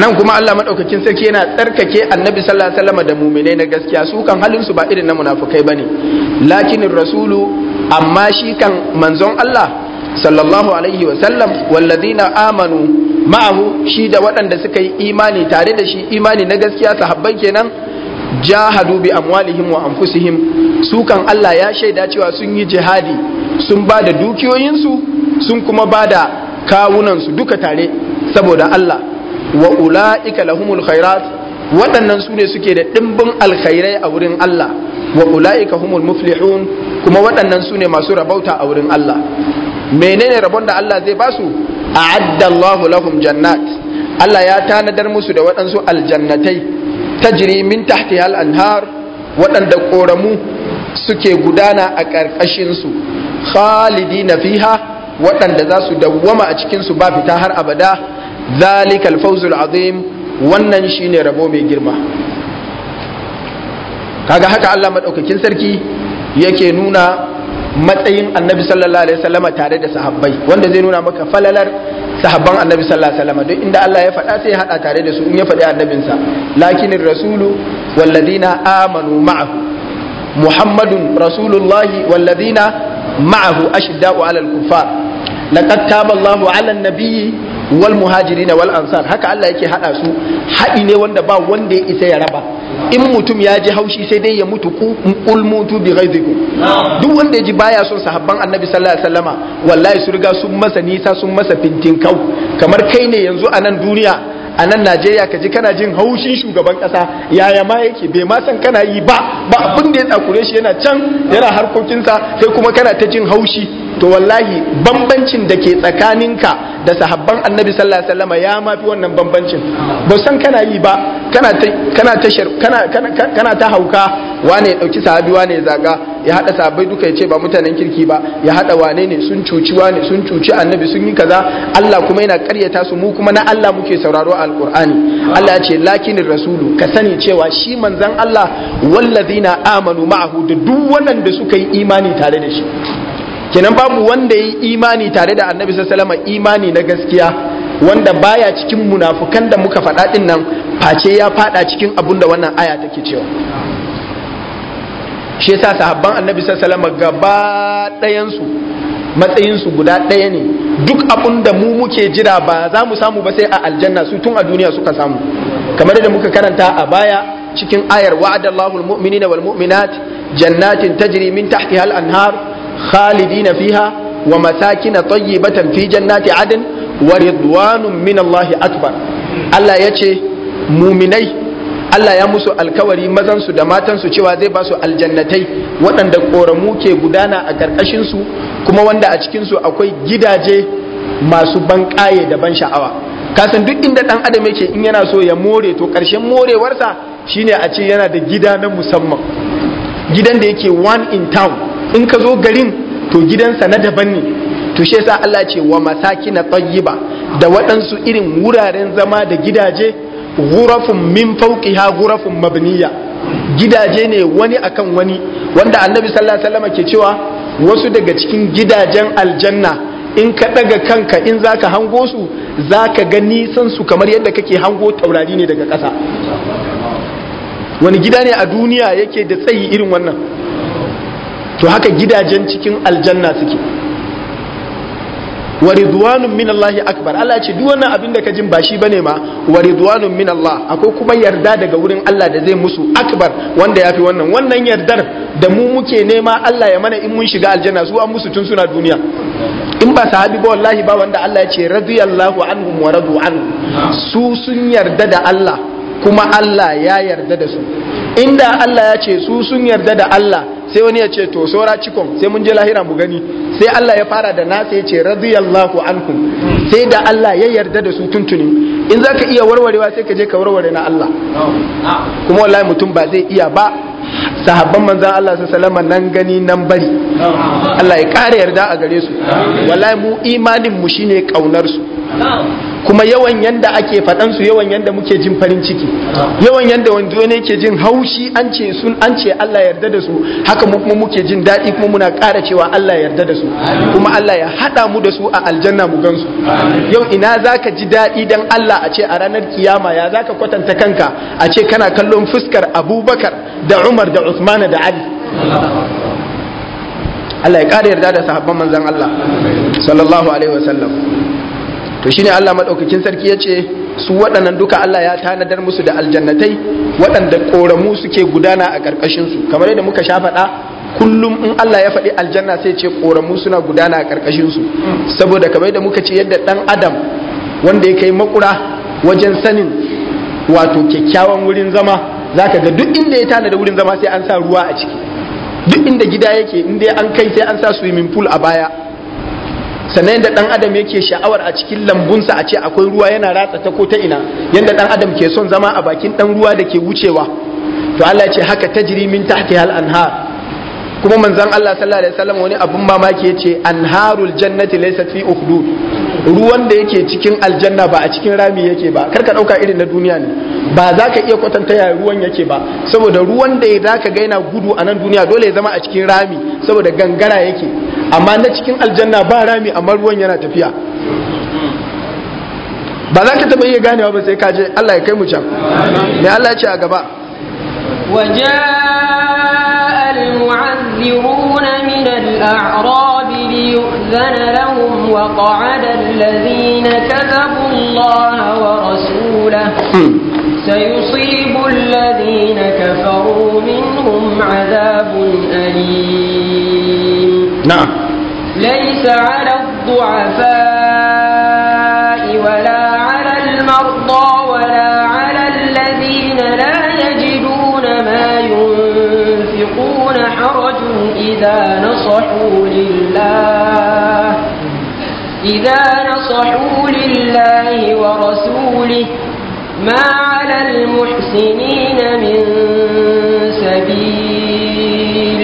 anan kuma Allah madaukakin sarki yana tsarkake annabi sallallahu alaihi wasallam da mu'minai na gaskiya su kan halin su ba irin na munafukai bane lakinir rasulu amma shi kan manzon Allah sallallahu alaihi wasallam walladina amanu ma'ahu shi da waɗanda suka yi imani tare da shi imani na gaskiya sahabbai kenan jahadu bi amwalihim wa anfusihim su kan Allah ya shaida cewa sun yi jihadi sun ba da dukiyoyinsu sun kuma ba da kawunansu duka tare saboda Allah wa ula'ika lahumul khairat waɗannan su ne suke da ɗimbin alkhairai a wurin Allah wa ula'ika humul muflihun kuma waɗannan su ne masu rabauta a wurin Allah menene rabon da Allah zai basu a'adda Allahu lahum jannat Allah ya tanadar musu da waɗansu aljannatai tajri min tahtiha al-anhar waɗanda ƙoramu suke gudana a ƙarƙashin su khalidina fiha waɗanda za su dawwama a cikin su ba fita har abada zalikal fawzul azim wannan shine rabo mai girma kaga haka Allah maɗaukakin sarki yake nuna matsayin annabi sallallahu alaihi wasallama tare da sahabbai wanda zai nuna maka falalar sahabban annabi sallallahu alaihi wasallama don inda Allah ya faɗa sai ya haɗa tare da su in ya faɗi annabinsa lakinin rasulu walladina amanu ma'ahu محمد رسول الله والذين معه alal على الكفار لقد تاب الله wal da wal ansar haka Allah yake haɗa su haɗi ne wanda ba wanda ya isa ya raba in mutum ya ji haushi sai dai ya mutu ku? kul mutu bi ghaizikum duk wanda ya ji baya son sahabban annabi sallallahu alaihi wasallama wallahi su riga sun masa nisa sun masa fintin kau, kamar kai ne yanzu a nan duniya a nan najeriya ka ji kana jin haushin shugaban kasa yaya ma yake bai ma san kana yi ba ba abin da ya tsakure shi yana can yana harkokinsa sai kuma kana ta jin haushi to wallahi bambancin da ke tsakaninka da sahabban annabi sallallahu alaihi wasallam ya mafi wannan bambancin ba san kana yi ba kana ta hauka wane ya dauki sahabi wane ya zaga ya hada sahabbai duka ya ce ba mutanen kirki ba ya hada wane ne sun cuci wane sun cuci annabi sun yi kaza Allah kuma yana karyata su mu kuma na Allah muke sauraro a alqur'ani Allah ya ce lakinin rasulu ka sani cewa shi manzon Allah wallazina amanu ma'ahu da duk da suka yi imani tare da shi kenan babu wanda ya yi imani tare da annabi sallallahu alaihi imani na gaskiya wanda baya cikin munafukan da muka faɗa ɗin nan face ya faɗa cikin abunda wannan aya take cewa shi yasa sahabban annabi sallallahu alaihi gaba ɗayan su matsayin su guda ɗaya ne duk abun da mu muke jira ba za mu samu ba sai a aljanna su tun a duniya suka samu kamar da muka karanta a baya cikin ayar wa'adallahu almu'minina wal mu'minat jannatin tajri min tahtiha al-anhar khalidina fiha wa masakin tayyibatan fi jannati adn wa ridwanun min Allah akbar Allah yace muminai Allah ya musu alkawari mazansu da matansu cewa zai ba su aljannatai waɗanda ƙoramu ke gudana a su kuma wanda a cikin su akwai gidaje masu ban ƙaye da ban sha'awa kasan duk inda ɗan adam yake in yana so ya more to ƙarshen morewarsa shine a ce yana da gida na musamman gidan da yake one in town in ka zo garin to gidansa na daban ne to shi yasa Allah ce wa masakina tayyiba da waɗansu irin wuraren zama da gidaje Gurafin min fauki ha gurafin mabniya gidaje ne wani akan wani wanda annabi sallallahu alaihi wasallam ke cewa wasu daga cikin gidajen aljanna in ka daga kanka in zaka hango su zaka ga nisan su kamar yadda kake hango taurari ne daga ƙasa wani gida ne a duniya yake da tsayi irin wannan to haka gidajen cikin aljanna suke wa ridwanun min Allah akbar Allah ce duk wannan abin da ka jin ba bane ma wa ridwanun min Allah akwai kuma yarda daga wurin Allah da zai musu akbar wanda yafi wannan wannan yardar da mu muke nema Allah ya mana in mun shiga aljanna su an musu tun suna duniya in ba sahabi ba wallahi ba wanda Allah ya ce radiyallahu anhum wa radu an su sun yarda da Allah kuma Allah ya yarda da su inda Allah ya ce su sun yarda da Allah sai wani ya ce to saura cikon sai mun je lahira mu gani sai Allah ya fara da nasa ya ce radiyallahu ankum sai da Allah ya yarda da su tuntuni in zaka iya warwarewa sai ka je ka warware na Allah oh, ah. kuma wallahi mutum ba zai iya ba sahabban manzan Allah su salama nan gani nan bari Allah ya ƙara yarda a gare su wallahi mu imanin mu shine kaunar su kuma yawan yanda ake faɗan su yawan yanda muke jin farin ciki yawan yanda wanda wani ke jin haushi an ce sun an ce Allah yarda da su haka mu kuma muke jin daɗi kuma muna ƙara cewa Allah yarda da su kuma Allah ya haɗa mu da su a aljanna mu gansu yau ina zaka ji daɗi dan Allah a ce a ranar kiyama ya zaka kwatanta kanka a ce kana kallon fuskar Abubakar da Umar da Usman da Ali Allah ya ƙara yarda da sahabban manzan Allah sallallahu alaihi wasallam to shi ne Allah maɗaukakin sarki ya ce su waɗannan duka Allah ya tanadar musu da aljannatai waɗanda ƙoramu suke gudana a ƙarƙashinsu kamar yadda muka sha faɗa kullum in Allah ya faɗi aljanna sai ce ƙoramu suna gudana a ƙarƙashinsu saboda kamar yadda muka ce yadda ɗan adam wanda ya kai makura wajen sanin wato kyakkyawan wurin zama za ka ga duk inda ya tana da wurin zama sai an sa ruwa a ciki duk inda gida yake inda an kai sai an sa swimming pool a baya sannan yadda dan adam yake sha'awar a cikin lambunsa a ce akwai ruwa yana ratsa ta ko ta ina yadda dan adam ke son zama a bakin dan ruwa da ke wucewa to Allah ya ce haka tajri min tahtiha hal anhar kuma manzan Allah sallallahu alaihi wasallam wani abun mamaki yace anharul jannati laysa fi ukhdud ruwan da yake cikin aljanna ba a cikin rami yake ba kar ka dauka irin na duniya ne ba za ka iya kwatanta ya ruwan yake ba saboda ruwan da za ka ga yana gudu a nan duniya dole ya zama a cikin rami saboda gangara yake amma na cikin aljanna ba rami amma ruwan yana tafiya ba za ka taɓa iya ganewa ba sai ka je Allah ya kai mu can me Allah ya ce a gaba wajen المستكبرون من الأعراب ليؤذن لهم وقعد الذين كذبوا الله ورسوله سيصيب الذين كفروا منهم عذاب أليم نعم ليس على الضعفاء إذا نصحوا لله إذا نصحوا لله ورسوله ما على المحسنين من سبيل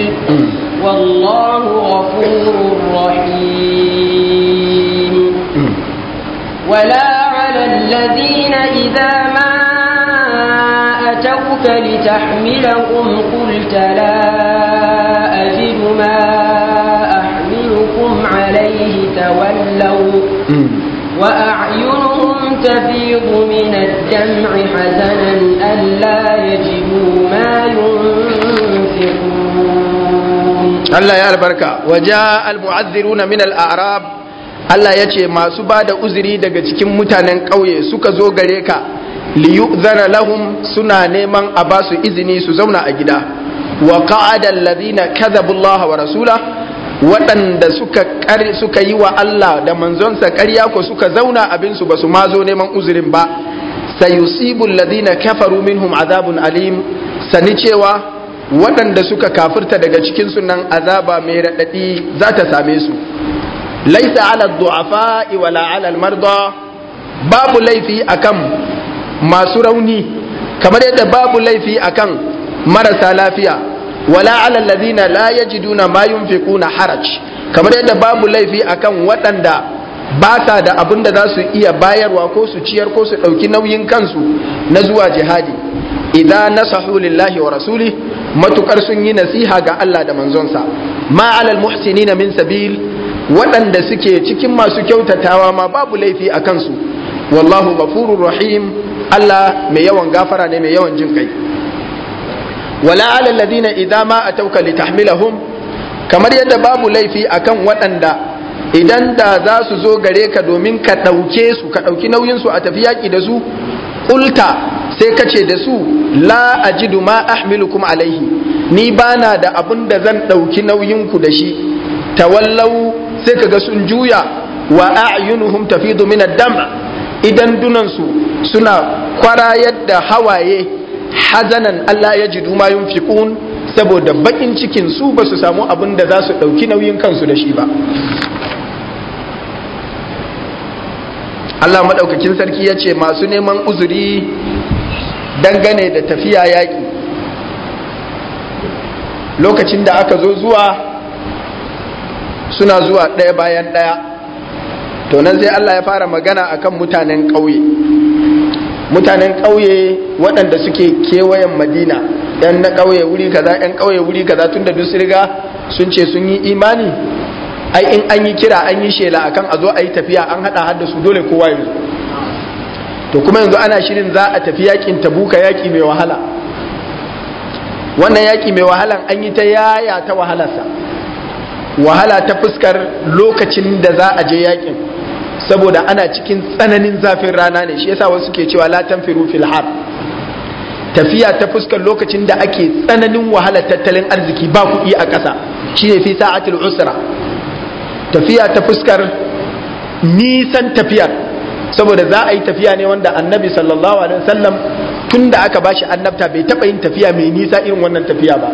والله غفور رحيم ولا على الذين إذا ما أتوك لتحملهم قلت لا وأعينهم تفيض من الدمع حزنا ألا يجدوا ما ينفقون الله يا البركة وجاء المعذرون من الأعراب Allah ya ce masu ba da uzuri daga cikin mutanen ƙauye suka zo gare ka Zana lahum suna neman a ba su izini su zauna a gida wa ka'adar alladhina kadhabu wa rasula waɗanda suka suka yi wa Allah da manzonsa ƙarya ko suka zauna abinsu ba su ma zo neman uzurin ba sayusibu alladhina kafaru minhum azabun alim sani cewa waɗanda suka kafirta daga cikin sunan azaba mai raɗaɗi za ta same su laisa ala du'afa wala ala marda babu laifi akan masu rauni kamar yadda babu laifi akan marasa lafiya wala ala Ladina la yajiduna ma yunfiquna haraj kamar yadda babu laifi akan waɗanda ba sa da abin da za su iya bayarwa ko su ciyar ko su ɗauki nauyin kansu na zuwa jihadi idan nasahu lillahi wa rasuli matukar sun yi nasiha ga Allah da manzonsa ma alal muhsinina min sabil waɗanda suke cikin masu kyautatawa ma babu laifi a kansu wallahu ghafurur rahim Allah mai yawan gafara ne mai yawan jin kai wala ala alladhina idza ma atawka litahmilahum kamar yadda babu laifi akan waɗanda idan da za su zo gare ka domin ka ɗauke su ka ɗauki nauyin su a tafi yaƙi da su ulta sai kace da su la ajidu ma ahmilukum alaihi ni bana da abun da zan ɗauki nauyin ku da shi tawallau sai ka ga sun juya wa a'yunuhum tafidu min ad-dam idan dunansu suna kwarayar yadda hawaye hazanan Allah ya ji duma yunfiqun saboda bakin cikin su ba su samu abin da za su ɗauki nauyin kansu da shi ba Allah maɗaukakin sarki ya ce masu neman uzuri dangane da tafiya yaƙi lokacin da aka zo zuwa suna zuwa ɗaya bayan ɗaya to sai Allah ya fara magana akan mutanen ƙauye mutanen ƙauye waɗanda suke kewayen madina yan na ƙauye wuri kaza yan ƙauye wuri kaza tun da dusu riga sun ce sun yi imani ai in an yi kira an yi shela akan a zo a yi tafiya an haɗa hada su dole kowa yanzu to kuma yanzu ana shirin za a tafi yakin tabuka yaki mai wahala wannan yaki mai wahalan an yi ta yaya ta wahalarsa wahala ta fuskar lokacin da za a je yakin saboda ana cikin tsananin zafin rana ne shi yasa wasu ke cewa la tanfiru fil har tafiya ta fuskar lokacin da ake tsananin wahalar tattalin arziki ba kuɗi a ƙasa shi fi sa'atul usra tafiya ta fuskar nisan tafiyar saboda za a yi tafiya ne wanda annabi sallallahu alaihi wasallam tun da aka bashi annabta bai taba yin tafiya mai nisa irin wannan tafiya ba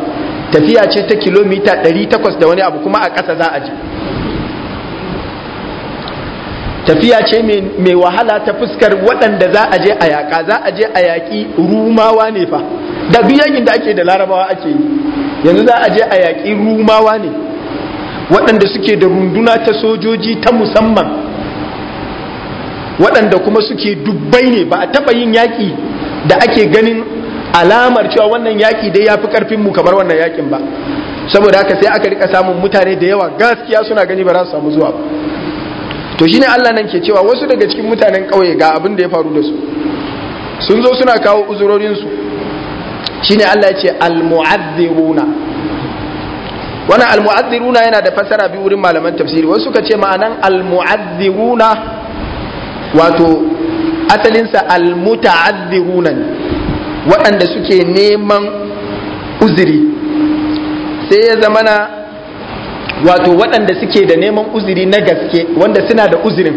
tafiya ce ta kilomita 800 da wani abu kuma a ƙasa za a je tafiya ce mai wahala ta fuskar waɗanda za a je a yaƙa za a je a yaƙi rumawa ne fa da duk da ake da larabawa ake yi yanzu za a je a yaƙi rumawa ne waɗanda suke da runduna ta sojoji ta musamman waɗanda kuma suke dubbai ne ba a taɓa yin yaƙi da ake ganin alamar cewa wannan yaƙi dai ya fi ƙarfinmu kamar wannan yaƙin ba saboda haka sai aka rika samun mutane da yawa gaskiya suna gani ba za su samu zuwa ba to shine Allah nan ke cewa wasu daga cikin mutanen ƙauye ga abin da ya faru da su sun zo suna kawo uzurorinsu shine Allah ya ce almu'adhdhiruna wannan almu'adhdhiruna yana da fasara biyu wurin malaman tafsiri wasu ka ce ma'anan almu'adhdhiruna wato asalinsa almuta'adhdhiruna waɗanda suke neman uzuri sai ya zamana wato waɗanda suke da neman uzuri na gaske wanda suna da uzurin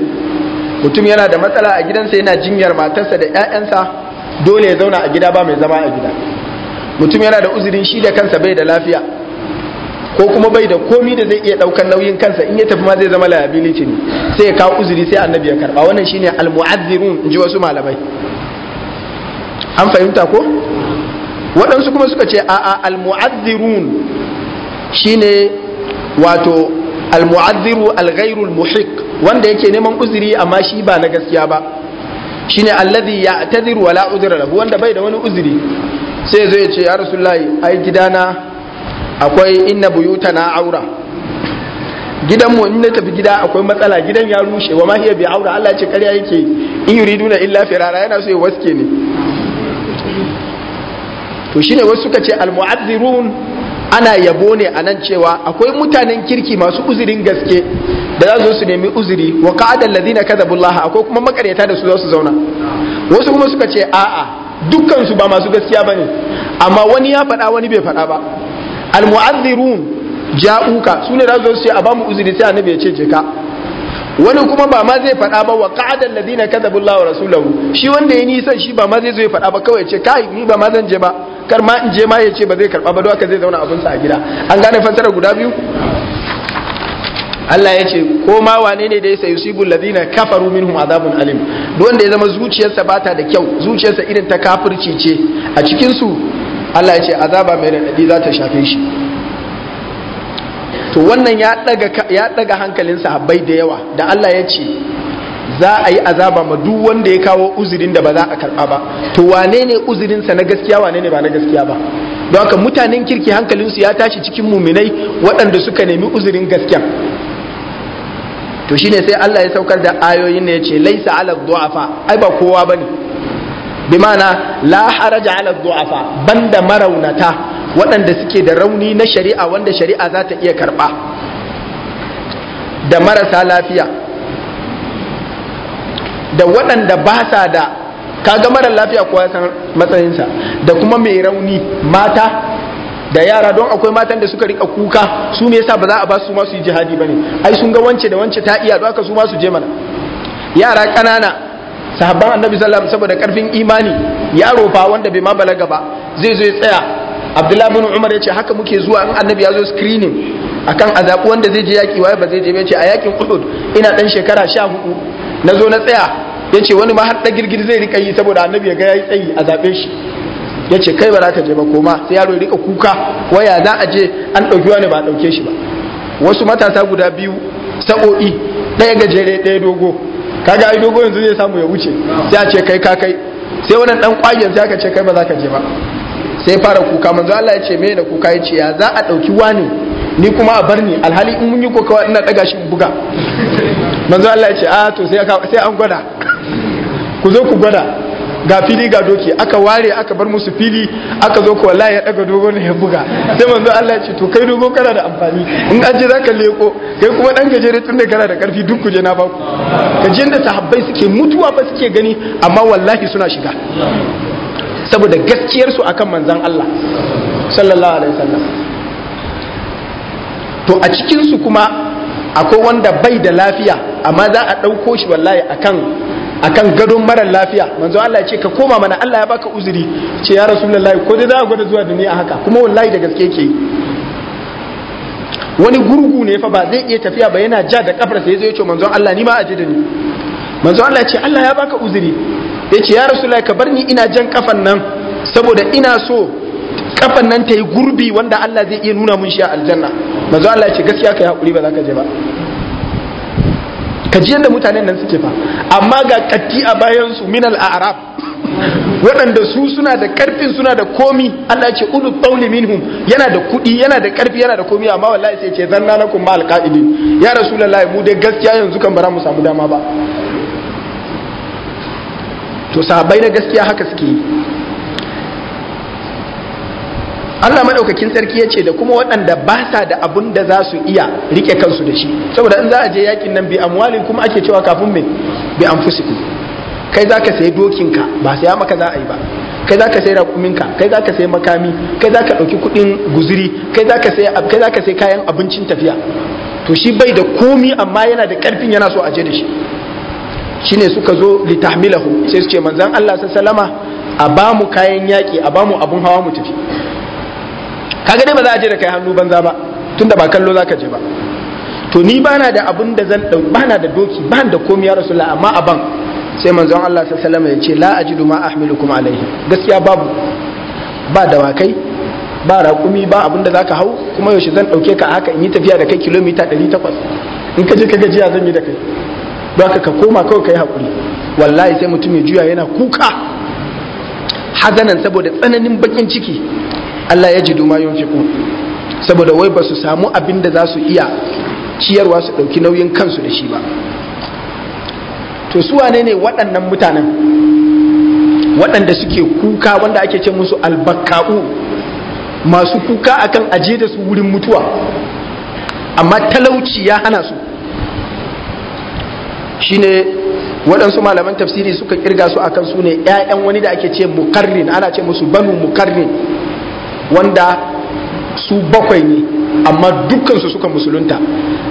mutum yana da matsala a gidansa yana jinyar matarsa da 'ya'yansa dole ya zauna a gida ba mai zama a gida mutum yana da uzurin shi da kansa bai da lafiya ko kuma bai da komi da zai iya ɗaukar nauyin kansa in ya tafi ma zai zama liability ne sai ya kawo uzuri sai annabi ya karɓa. wannan shine almu'azzirun in ji wasu malamai an fahimta ko waɗansu kuma suka ce a'a almu'azzirun shine wato almu'adhiru alghairu almuhiq wanda yake neman uzuri amma shi ba na gaskiya ba shine alladhi ya'tadhiru wala udhra lahu wanda bai da wani uzuri sai zo ya ce ya rasulullahi ai gidana akwai inna buyutana aura gidanmu in na tafi gida akwai matsala gidan ya rushe wa hiya bi aura Allah ce karya yake in yuriduna illa firara yana so ya waske ne to shine wasu suka ce almu'adhirun ana yabo ne a nan cewa akwai mutanen kirki masu uzurin gaske da za su nemi uzuri wa ka'adal ladina kadabullaha akwai kuma makaryata da su za su zauna wasu kuma suka ce a'a dukkan su ba masu gaskiya bane amma wani ya faɗa wani bai faɗa ba al mu'adhdhirun ja'uka su ne za su ce a bamu uzuri sai annabi ya ce je ka wani kuma ba ma zai faɗa ba wa qa'adal ladina kadabullaha wa rasulahu shi wanda ya nisan shi ba ma zai zo ya faɗa ba kawai ce kai ni ba ma zan je ba kar ma in je ma ya ce ba zai karba ba don haka zai zauna abinsa a gida an gane fassara guda biyu Allah ya ce ko ma wane ne da ya sayi sibul ladina kafaru minhum azabun alim duk wanda ya zama zuciyarsa bata da kyau zuciyarsa irin ta kafirci ce a cikin su Allah ya ce azaba mai radadi za ta shafe shi to wannan ya daga ya daga hankalin sahabbai da yawa da Allah ya ce za a yi azaba ma duk wanda ya kawo uzurin da ba za a karba ba to wane ne uzurinsa na gaskiya wane ne ba na gaskiya ba don haka mutanen kirki su ya tashi cikin muminai waɗanda suka nemi uzurin gaskiya to shine sai Allah ya saukar da ayoyin ne ya ce laisa ala du'afa ai ba kowa bane bi ma'ana la haraja ala du'afa banda maraunata waɗanda suke da rauni na shari'a wanda shari'a za ta iya karba da marasa lafiya da waɗanda ba sa da kaga mara lafiya ya san matsayinsa da kuma mai rauni mata da yara don akwai matan da suka rika kuka su me yasa ba za a ba su masu yi jihadi bane ai sun ga wance da wance ta iya don haka su masu su je mana yara ƙanana, sahabban annabi sallallahu saboda karfin imani yaro fa wanda bai ma balaga ba zai zo ya tsaya abdullahi bin umar ya ce haka muke zuwa in annabi ya zo screening akan azabu wanda zai je yaki waye ba zai je ba ce a yakin uhud ina dan shekara 14 na zo na tsaya ya ce wani ma har da girgir zai rika yi saboda annabi ya ga yayi tsayi a zaɓe shi ya ce kai ba za ka je ba koma sai yaro ya rika kuka waya za a je an ɗauki wani ba a ɗauke shi ba wasu matasa guda biyu sa'o'i ɗaya gajere ɗaya dogo kaga ai dogo yanzu zai samu ya wuce sai a ce kai ka kai sai wani ɗan kwayan sai aka ce kai ba za ka je ba sai fara kuka manzo Allah ya ce me da kuka ya ce ya za a ɗauki wani ni kuma a bar ni alhali in mun yi kokawa ina ɗaga shi buga manzo Allah ya ce a ah, to sai an gwada ku zo ku gwada ga fili ga doki aka ware aka bar musu fili aka zo ku. wallahi ya daga dogo ne ya buga sai manzo Allah ya ce to kai dogo kana da amfani in an je zaka leko kai kuma dan gajere tunda kana da karfi duk je na baku gajin da sahabbai suke mutuwa ba suke gani amma wallahi suna shiga saboda gaskiyar su akan manzon Allah sallallahu alaihi wasallam to a cikin su kuma akwai wanda bai da lafiya amma za a ɗauko shi wallahi akan akan gadon marar lafiya manzo Allah ya ce ka koma mana Allah ya baka uzuri ce ya rasulullahi ko dai za ka gwada zuwa da ni a haka kuma wallahi da gaske yake wani gurgu ne fa ba zai iya tafiya ba yana ja da kafarsa ya zo ya ce manzo Allah ni ma a ji da ni Manzo Allah ya ce Allah ya baka uzuri ya ce ya rasulullahi ka bar ni ina jan kafan nan saboda ina so kafan nan ta yi gurbi wanda Allah zai iya nuna mun shi a aljanna Manzo Allah ya ce gaskiya ka yi hakuri ba za ka je ba ka ji yadda mutanen nan suke fa amma ga katti a bayan su min al-arab waɗanda su suna da karfin suna da komi Allah ce ulu tauli minhum yana da kuɗi yana da karfi yana da komi amma wallahi sai ce zanna lakum ma al-qaidi ya rasulullahi mu dai gaskiya yanzu kan bara mu samu dama ba to sahabbai na gaskiya haka suke yi Allah maɗaukakin sarki yace da kuma waɗanda ba sa da abun da za su iya rike kansu da shi saboda in za a je yakin nan bi amwalin kuma ake cewa kafin me bi anfusikum kai za ka sayi dokinka ba saya maka za a yi ba kai za ka sayi raƙuminka kai za ka sayi makami kai za ka ɗauki kuɗin guzuri kai za ka sayi kai kayan abincin tafiya to shi bai da komi amma yana da ƙarfin yana so a je da shi shine suka zo tahmilahu sai su ce manzon Allah sallama a ba mu kayan yaki, a ba mu abun hawa mu tafi kaga dai ba za a je da kai hannu banza ba tunda ba kallo zaka je ba to ni bana da abin da zan ba bana da doki bana da komai ya rasu amma ban. sai manzon Allah sallallahu alaihi ya ce la ajidu ma ahmilukum alaihi gaskiya babu ba dawakai ba raƙumi ba abin da zaka hau kuma yaushe zan ɗauke ka haka in yi tafiya da kai kilomita 800 in ka je ka gajiya zan yi da kai Ba ka koma kawai kai hakuri wallahi sai mutum ya juya yana kuka hazanan saboda tsananin bakin ciki Allah ya jidu ma yunfiqu saboda wai ba su samu abin da za su iya ciyarwa su ɗauki nauyin kansu da shi ba to su wane ne waɗannan mutanen waɗanda suke kuka wanda ake ce musu albaka'u masu kuka akan aje da su wurin mutuwa amma talauci ya hana su shine waɗansu malaman tafsiri suka kirga su akan su ne 'ya'yan wani da ake ce mukarrin ana ce musu banu mukarrin wanda su bakwai ne amma dukkansu suka musulunta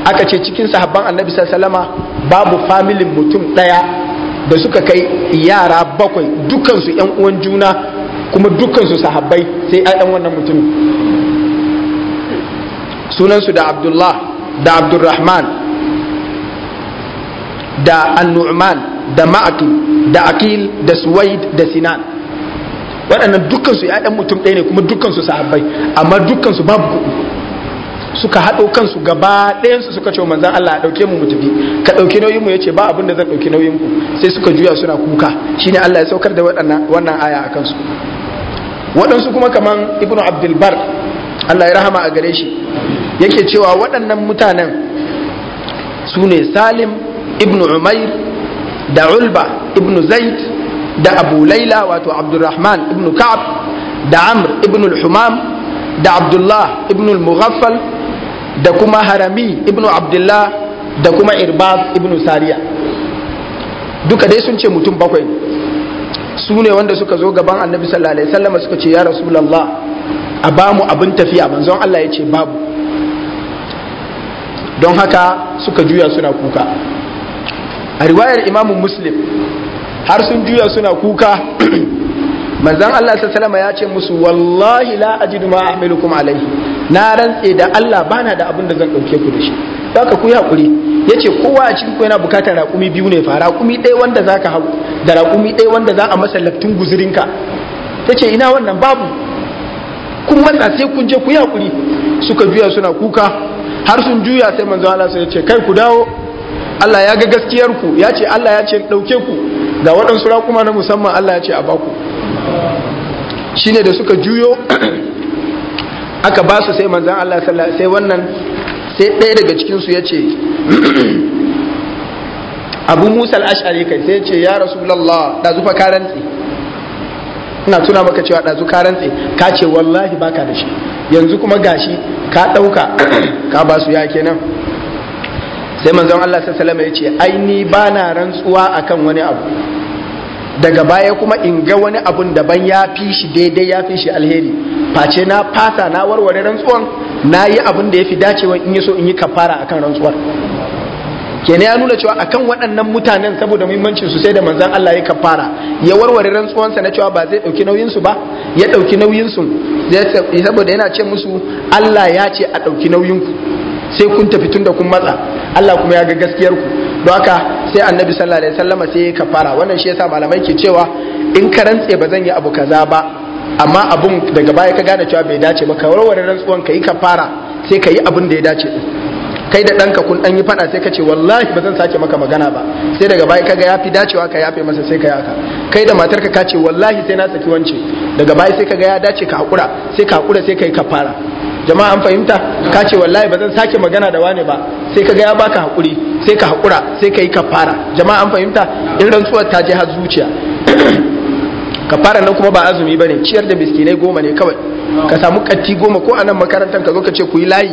aka ce cikin sahabban annabi sallama babu familin mutum ɗaya da suka kai yara bakwai dukkansu 'yan uwan juna kuma dukkansu sahabbai sai 'ya'yan wannan mutumin sunansu da abdullah da abdulrahman da annu'man da ma'akil da akil da suwaid da sinan waɗannan dukkansu ya'yan mutum ɗaya ne kuma dukkansu sahabbai amma dukkansu babu kuɗi suka haɗo kansu gaba su suka ce manzan Allah ɗauke mu mu ka ɗauki nauyin mu yace ba abin da zan ɗauki nauyin ku sai suka juya suna kuka shine Allah ya saukar da waɗannan wannan aya a kansu waɗansu kuma kaman Ibnu Abdulbar Bar Allah ya rahama a gare shi yake cewa waɗannan mutanen sune Salim ibn umair da ulba Ibnu zaid da abu laila wato abdurrahman Ibnu ka'ab da amr ibn al da abdullah ibn al da kuma harami ibn abdullah da kuma irbab ibn saria duka dai sun ce mutum bakwai su ne wanda suka zo gaban annabi sallallahu alaihi suka ce ya rasulullah a ba mu abin tafiya manzon Allah ya ce babu don haka suka juya suna kuka a riwayar imamu muslim har sun juya suna kuka manzan Allah salama ya ce musu wallahi la ajidu ma ahmilukum alaihi na rantse da Allah bana da abin da zan dauke ku da shi haka ku hakuri yace kowa a cikin ku yana bukatar raƙumi biyu ne fa raƙumi ɗaya wanda zaka hau da raƙumi ɗaya wanda za a masa laftun guzurinka yace ina wannan babu kun matsa sai kun je ku yi hakuri suka juya suna kuka har sun juya sai manzan Allah sai ya ce kai ku dawo Allah ya ga gaskiyarku, ku ya ce Allah ya ce ɗauke ku ga waɗansu raƙuma na musamman Allah ya ce a baku ne da suka juyo aka ba su sai manzan Allah sai wannan sai ɗaya daga cikinsu ya ce abu musa al'ashari kai sai ce ya rasu lallah ɗazu fa karantse ina tuna maka cewa ɗazu karantse ka ce wallahi baka da shi yanzu kuma gashi ka ɗauka ka ba su ya kenan sai manzon Allah sallallahu alaihi wasallam ya ce ai ni ba na rantsuwa akan wani abu daga baya kuma in ga wani abun ban ya fi shi daidai ya fi shi alheri face na fasa na warware rantsuwan na yi abin da ya fi dacewa in yi so in yi kafara akan rantsuwar kenan ya nuna cewa akan waɗannan mutanen saboda muhimmancin su sai da manzon Allah ya kafara ya warware rantsuwan sa na cewa ba zai ɗauki nauyin su ba ya ɗauki nauyin su saboda yana ce musu Allah ya ce a ɗauki nauyin ku sai kun tafi tunda kun matsa Allah kuma ya ga gaskiyar ku don haka sai annabi sallallahu alaihi wasallam sai ya kafara wannan shi yasa malamai ke cewa in ka rantse ba zan yi abu kaza ba amma abun daga baya ka gane cewa bai dace ba ka warware rantsuwan ka yi kafara sai ka yi abin da ya dace kai da ɗanka kun ɗan yi faɗa sai ka ce wallahi ba zan sake maka magana ba sai daga baya kaga yafi dacewa ka yafe masa sai ka yaka kai da matarka ka ce wallahi sai na saki wance daga baya sai kaga ya dace ka hakura sai ka hakura sai ka yi kafara jama'a an fahimta ka ce wallahi ba zan sake magana da wani ba sai ka ga ya baka hakuri sai ka hakura sai ka yi kafara jama'a an fahimta in rantsuwar ta je har zuciya kafara nan kuma ba azumi bane ciyar da biskinai goma ne kawai ka samu katti goma ko anan makarantar ka zo ka ce ku yi layi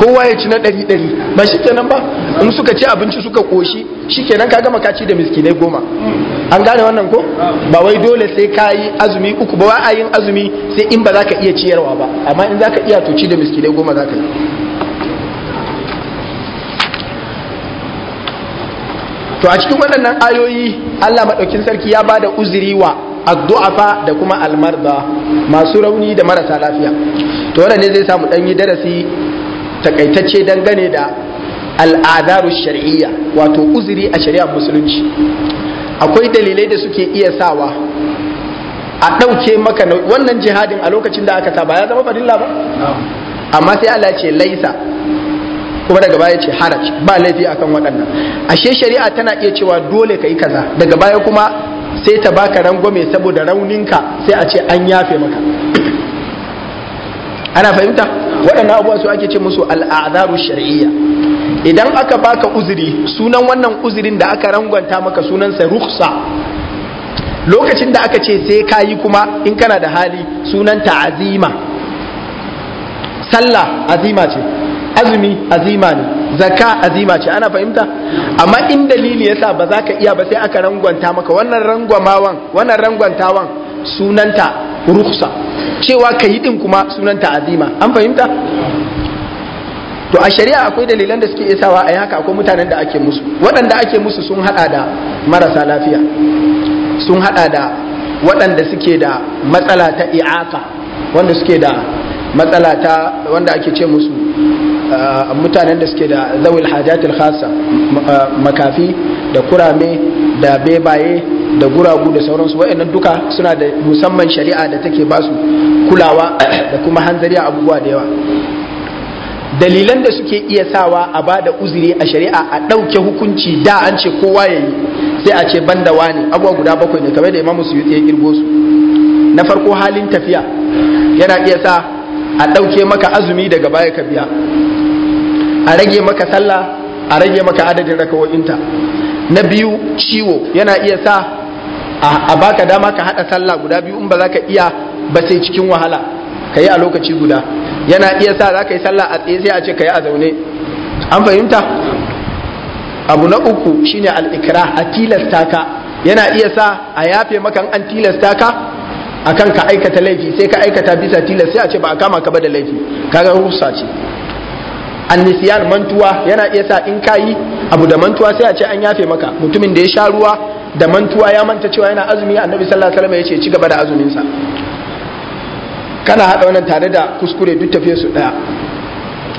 kowa ya ci na ɗari ɗari ba shi kenan ba in suka ci abinci suka koshi shi kenan ka gama kaci da miskinai goma an gane wannan ko ba wai dole sai ka yi azumi uku ba a yin azumi sai in ba za ka iya ciyarwa ba amma in za ka iya to ci da miskinai goma za ka yi to a cikin waɗannan ayoyi allah maɗaukin sarki ya ba da uzuri wa addu'afa da kuma almarda masu rauni da marasa lafiya to wannan ne zai samu ɗan yi darasi takaitacce dangane da al'adaru shari'iyya wato uzuri a shari'ar musulunci akwai dalilai da suke iya sawa a ɗauke maka wannan jihadin a lokacin da aka sa ba ya zama fadilla ba amma sai Allah ce laisa kuma daga baya ce haraj ba laifi akan waɗannan ashe shari'a tana iya cewa dole ka yi kaza daga baya kuma sai ta baka rangwame saboda rauninka sai a ce an yafe maka ana fahimta waɗannan abuwa su ake ce musu al'adaru shari'iyya idan aka baka uzuri sunan wannan uzurin da aka rangwanta maka sunansa Ruksa. lokacin da aka ce sai ka yi kuma in kana da hali sunanta azima sallah azima ce azumi azima ne zaka azima ce ana fahimta amma in dalili yasa ba za ka iya ba sai aka rangwanta maka wannan rangwamawan wannan rangwantawan sunanta ruksa cewa ka yi din kuma sunanta azima an fahimta to a shari'a akwai dalilan da suke isawa a haka akwai mutanen da ake musu waɗanda ake musu sun haɗa da marasa lafiya sun haɗa da waɗanda suke da matsala ta iaka wanda suke da matsala ta wanda ake ce musu mutanen da suke da zawil hajatul khassa makafi da kurame da bebaye da guragu da sauransu wa'annan duka suna da musamman shari'a da take basu kulawa da kuma a abubuwa da yawa dalilan da suke iya sawa a ba da uzuri a shari'a a ɗauke hukunci da an ce kowa ya yi sai a ce ban da wani abuwa guda bakwai ne kamar da imamu su ya kirgo su na farko halin tafiya yana iya sa a ɗauke maka azumi daga baya ka biya a rage maka sallah a rage maka adadin rakawoyinta na biyu ciwo yana iya sa a baka dama ka hada sallah guda biyu in ba za ka iya ba sai cikin wahala ka yi a lokaci guda yana iya sa za ka yi sallah a tsaye sai a ce ka yi a zaune an fahimta abu na uku shine al'ikira a tilasta ka yana iya sa a yafe maka an tilasta ka akan ka aikata laifi sai ka aikata bisa tilas sai a ce ba a kama ka ba da laifi kaga rusa ce annisiyan mantuwa yana iya sa in kayi abu da mantuwa sai a ce an yafe maka mutumin da ya sha ruwa da mantuwa ya manta cewa yana azumi annabi sallallahu alaihi wasallam ya ce ci gaba da azumin sa kana hada wannan tare da kuskure duk tafiye su daya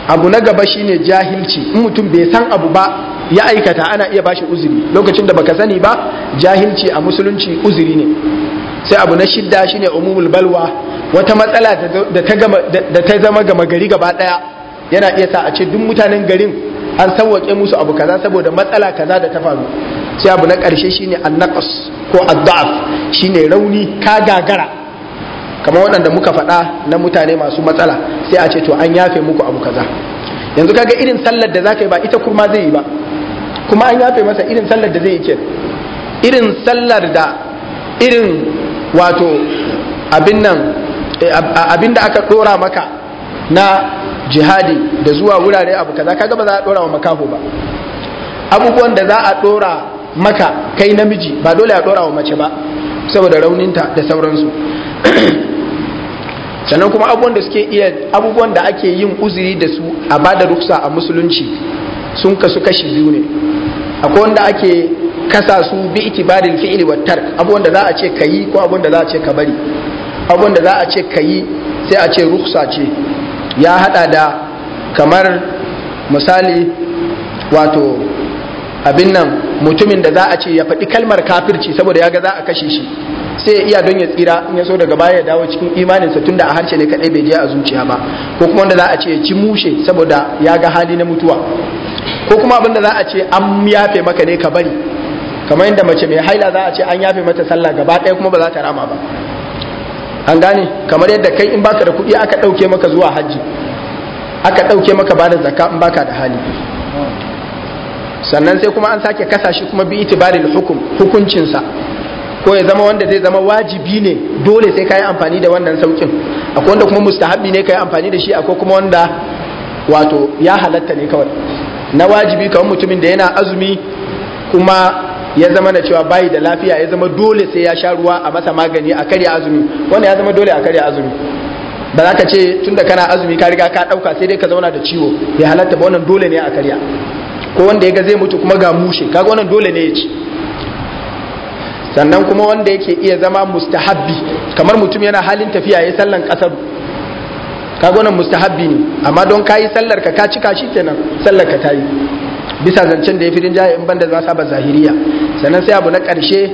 abu na gaba shine jahilci in mutum bai san abu ba ya aikata ana iya bashi uzuri lokacin da baka sani ba jahilci a musulunci uzuri ne sai abu na shidda shine umumul balwa wata matsala da ta zama gama gari gaba daya yana iya sa a ce duk mutanen garin an sauwaƙe musu abu kaza saboda matsala kaza da ta faru sai abu na ƙarshe shine annaqas ko adda'af shine rauni ka gagara kamar waɗanda muka faɗa na mutane masu matsala sai a ce to an yafe muku abu kaza yanzu kaga irin sallar da zaka yi ba ita kurma zai yi ba kuma an yafe masa irin sallar da zai yi ke irin sallar da irin wato abin nan eh, abin da aka dora maka na jihadi da zuwa wurare abu kaza kaga ba za a dora wa makaho ba abubuwan da za a dora maka kai namiji ba dole a dora wa mace ba saboda rauninta da sauransu sannan kuma abubuwan da suke iya abubuwan da ake yin uzuri da su a bada ruksa a musulunci sun kasu kashi biyu ne akwai wanda ake kasa su bi itibarin fi'li wa tark abubuwan da za a ce kayi ko abubuwan da za a ce ka bari abubuwan da za a ce kayi sai a ce ruksa ce ya hada da kamar misali wato abin nan mutumin da za a ce ya faɗi kalmar kafirci saboda ya ga za a kashe shi sai ya iya don ya tsira in ya so daga baya ya dawo cikin imaninsa tun da a harshe ne kaɗai bai je a zuciya ba ko kuma wanda za a ce ya ci mushe saboda ya ga hali na mutuwa ko kuma abin da za a ce an yafe maka ne ka bari kamar yadda mace mai haila za a ce an yafe mata sallah gaba ɗaya kuma ba za ta rama ba an gane kamar yadda kai in baka da kuɗi aka ɗauke maka zuwa hajji aka ɗauke maka bada da zakka in baka da hali sannan sai kuma an sake kasa shi kuma bi itibaril hukum hukuncinsa ko ya zama wanda zai zama wajibi ne dole sai ka yi amfani da wannan saukin akwai wanda kuma mustahabi ne ka yi amfani da shi akwai kuma wanda wato ya halatta ne kawai na wajibi kawai mutumin da yana azumi kuma ya zama na cewa bayi da lafiya ya zama dole sai ya sha ruwa a masa magani a karya azumi wannan ya zama dole a karya azumi ba za ka ce tun da kana azumi ka riga ka ɗauka sai dai ka zauna da ciwo ya halatta ba wannan dole ne a karya ko wanda ya ga zai mutu kuma ga mushe kaga wannan dole ne ya ci sannan kuma wanda yake iya zama mustahabbi kamar mutum yana halin tafiya ya sallan kasar kaga wannan mustahabbi ne amma don ka yi sallar ka ka cika shi kenan sallar ka ta yi bisa zancen da ya fi rinjaye in banda za saba zahiriya sannan sai abu na ƙarshe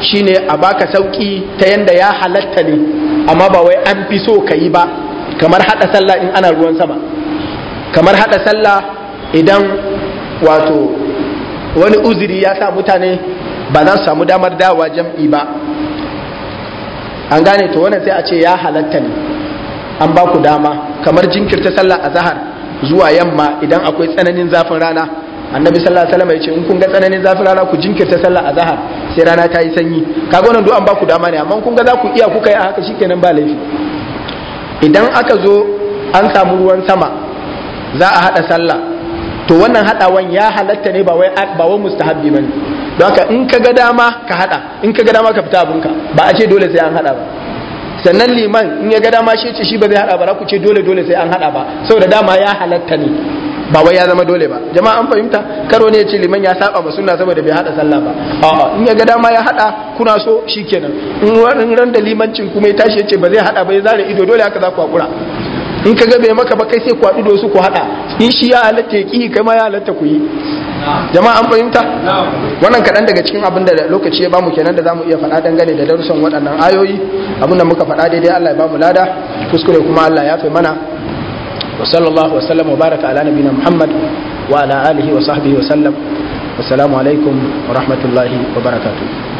shine a baka sauki ta yanda ya halatta ne amma ba wai an fi so ka yi ba kamar hada sallah in ana ruwan sama kamar hada sallah idan wato wani uzuri ya sa mutane ba za su samu damar dawa jam'i ba an gane to wannan sai a ce ya halatta ne an ba ku dama kamar jinkirta sallah a zahar zuwa yamma idan akwai tsananin zafin rana annabi sallallahu alaihi wasallam ya ce in kun ga tsananin zafin rana ku jinkirta sallah a zahar sai rana ta yi sanyi kaga wannan du'an ba ku dama ne amma kun ga za ku iya kuka yi a haka shikenan ba laifi idan aka zo an samu ruwan sama za a hada sallah to wannan hadawan ya halatta ne ba wai ba wai mustahabbi bane don haka in ka ga dama ka hada in ka ga dama ka fita abinka ba a ce dole sai an hada ba sannan liman in ya ga dama shi ce shi ba zai hada ba ku ce dole dole sai an hada ba saboda dama ya halatta ne ba wai ya zama dole ba jama'a an fahimta karo ne ya ce liman ya saba ba sunna saboda bai hada sallah ba a'a in ya ga dama ya hada kuna so shikenan in ran da limancin kuma ya tashi ya ce ba zai hada ba ya zare ido dole haka za ku hakura in ka ga bai maka ba kai sai ku haɗu su ku hada in shi ya halatta ya ki kai ma ya halatta ku yi jama'a an fahimta wannan kaɗan daga cikin abin da lokaci ya bamu kenan da zamu iya faɗa dangane da darussan waɗannan ayoyi abin da muka faɗa daidai Allah ya bamu lada kuskure kuma Allah ya fi mana وصلى الله وسلم وبارك على نبينا محمد وعلى آله وصحبه وسلم والسلام عليكم ورحمة الله وبركاته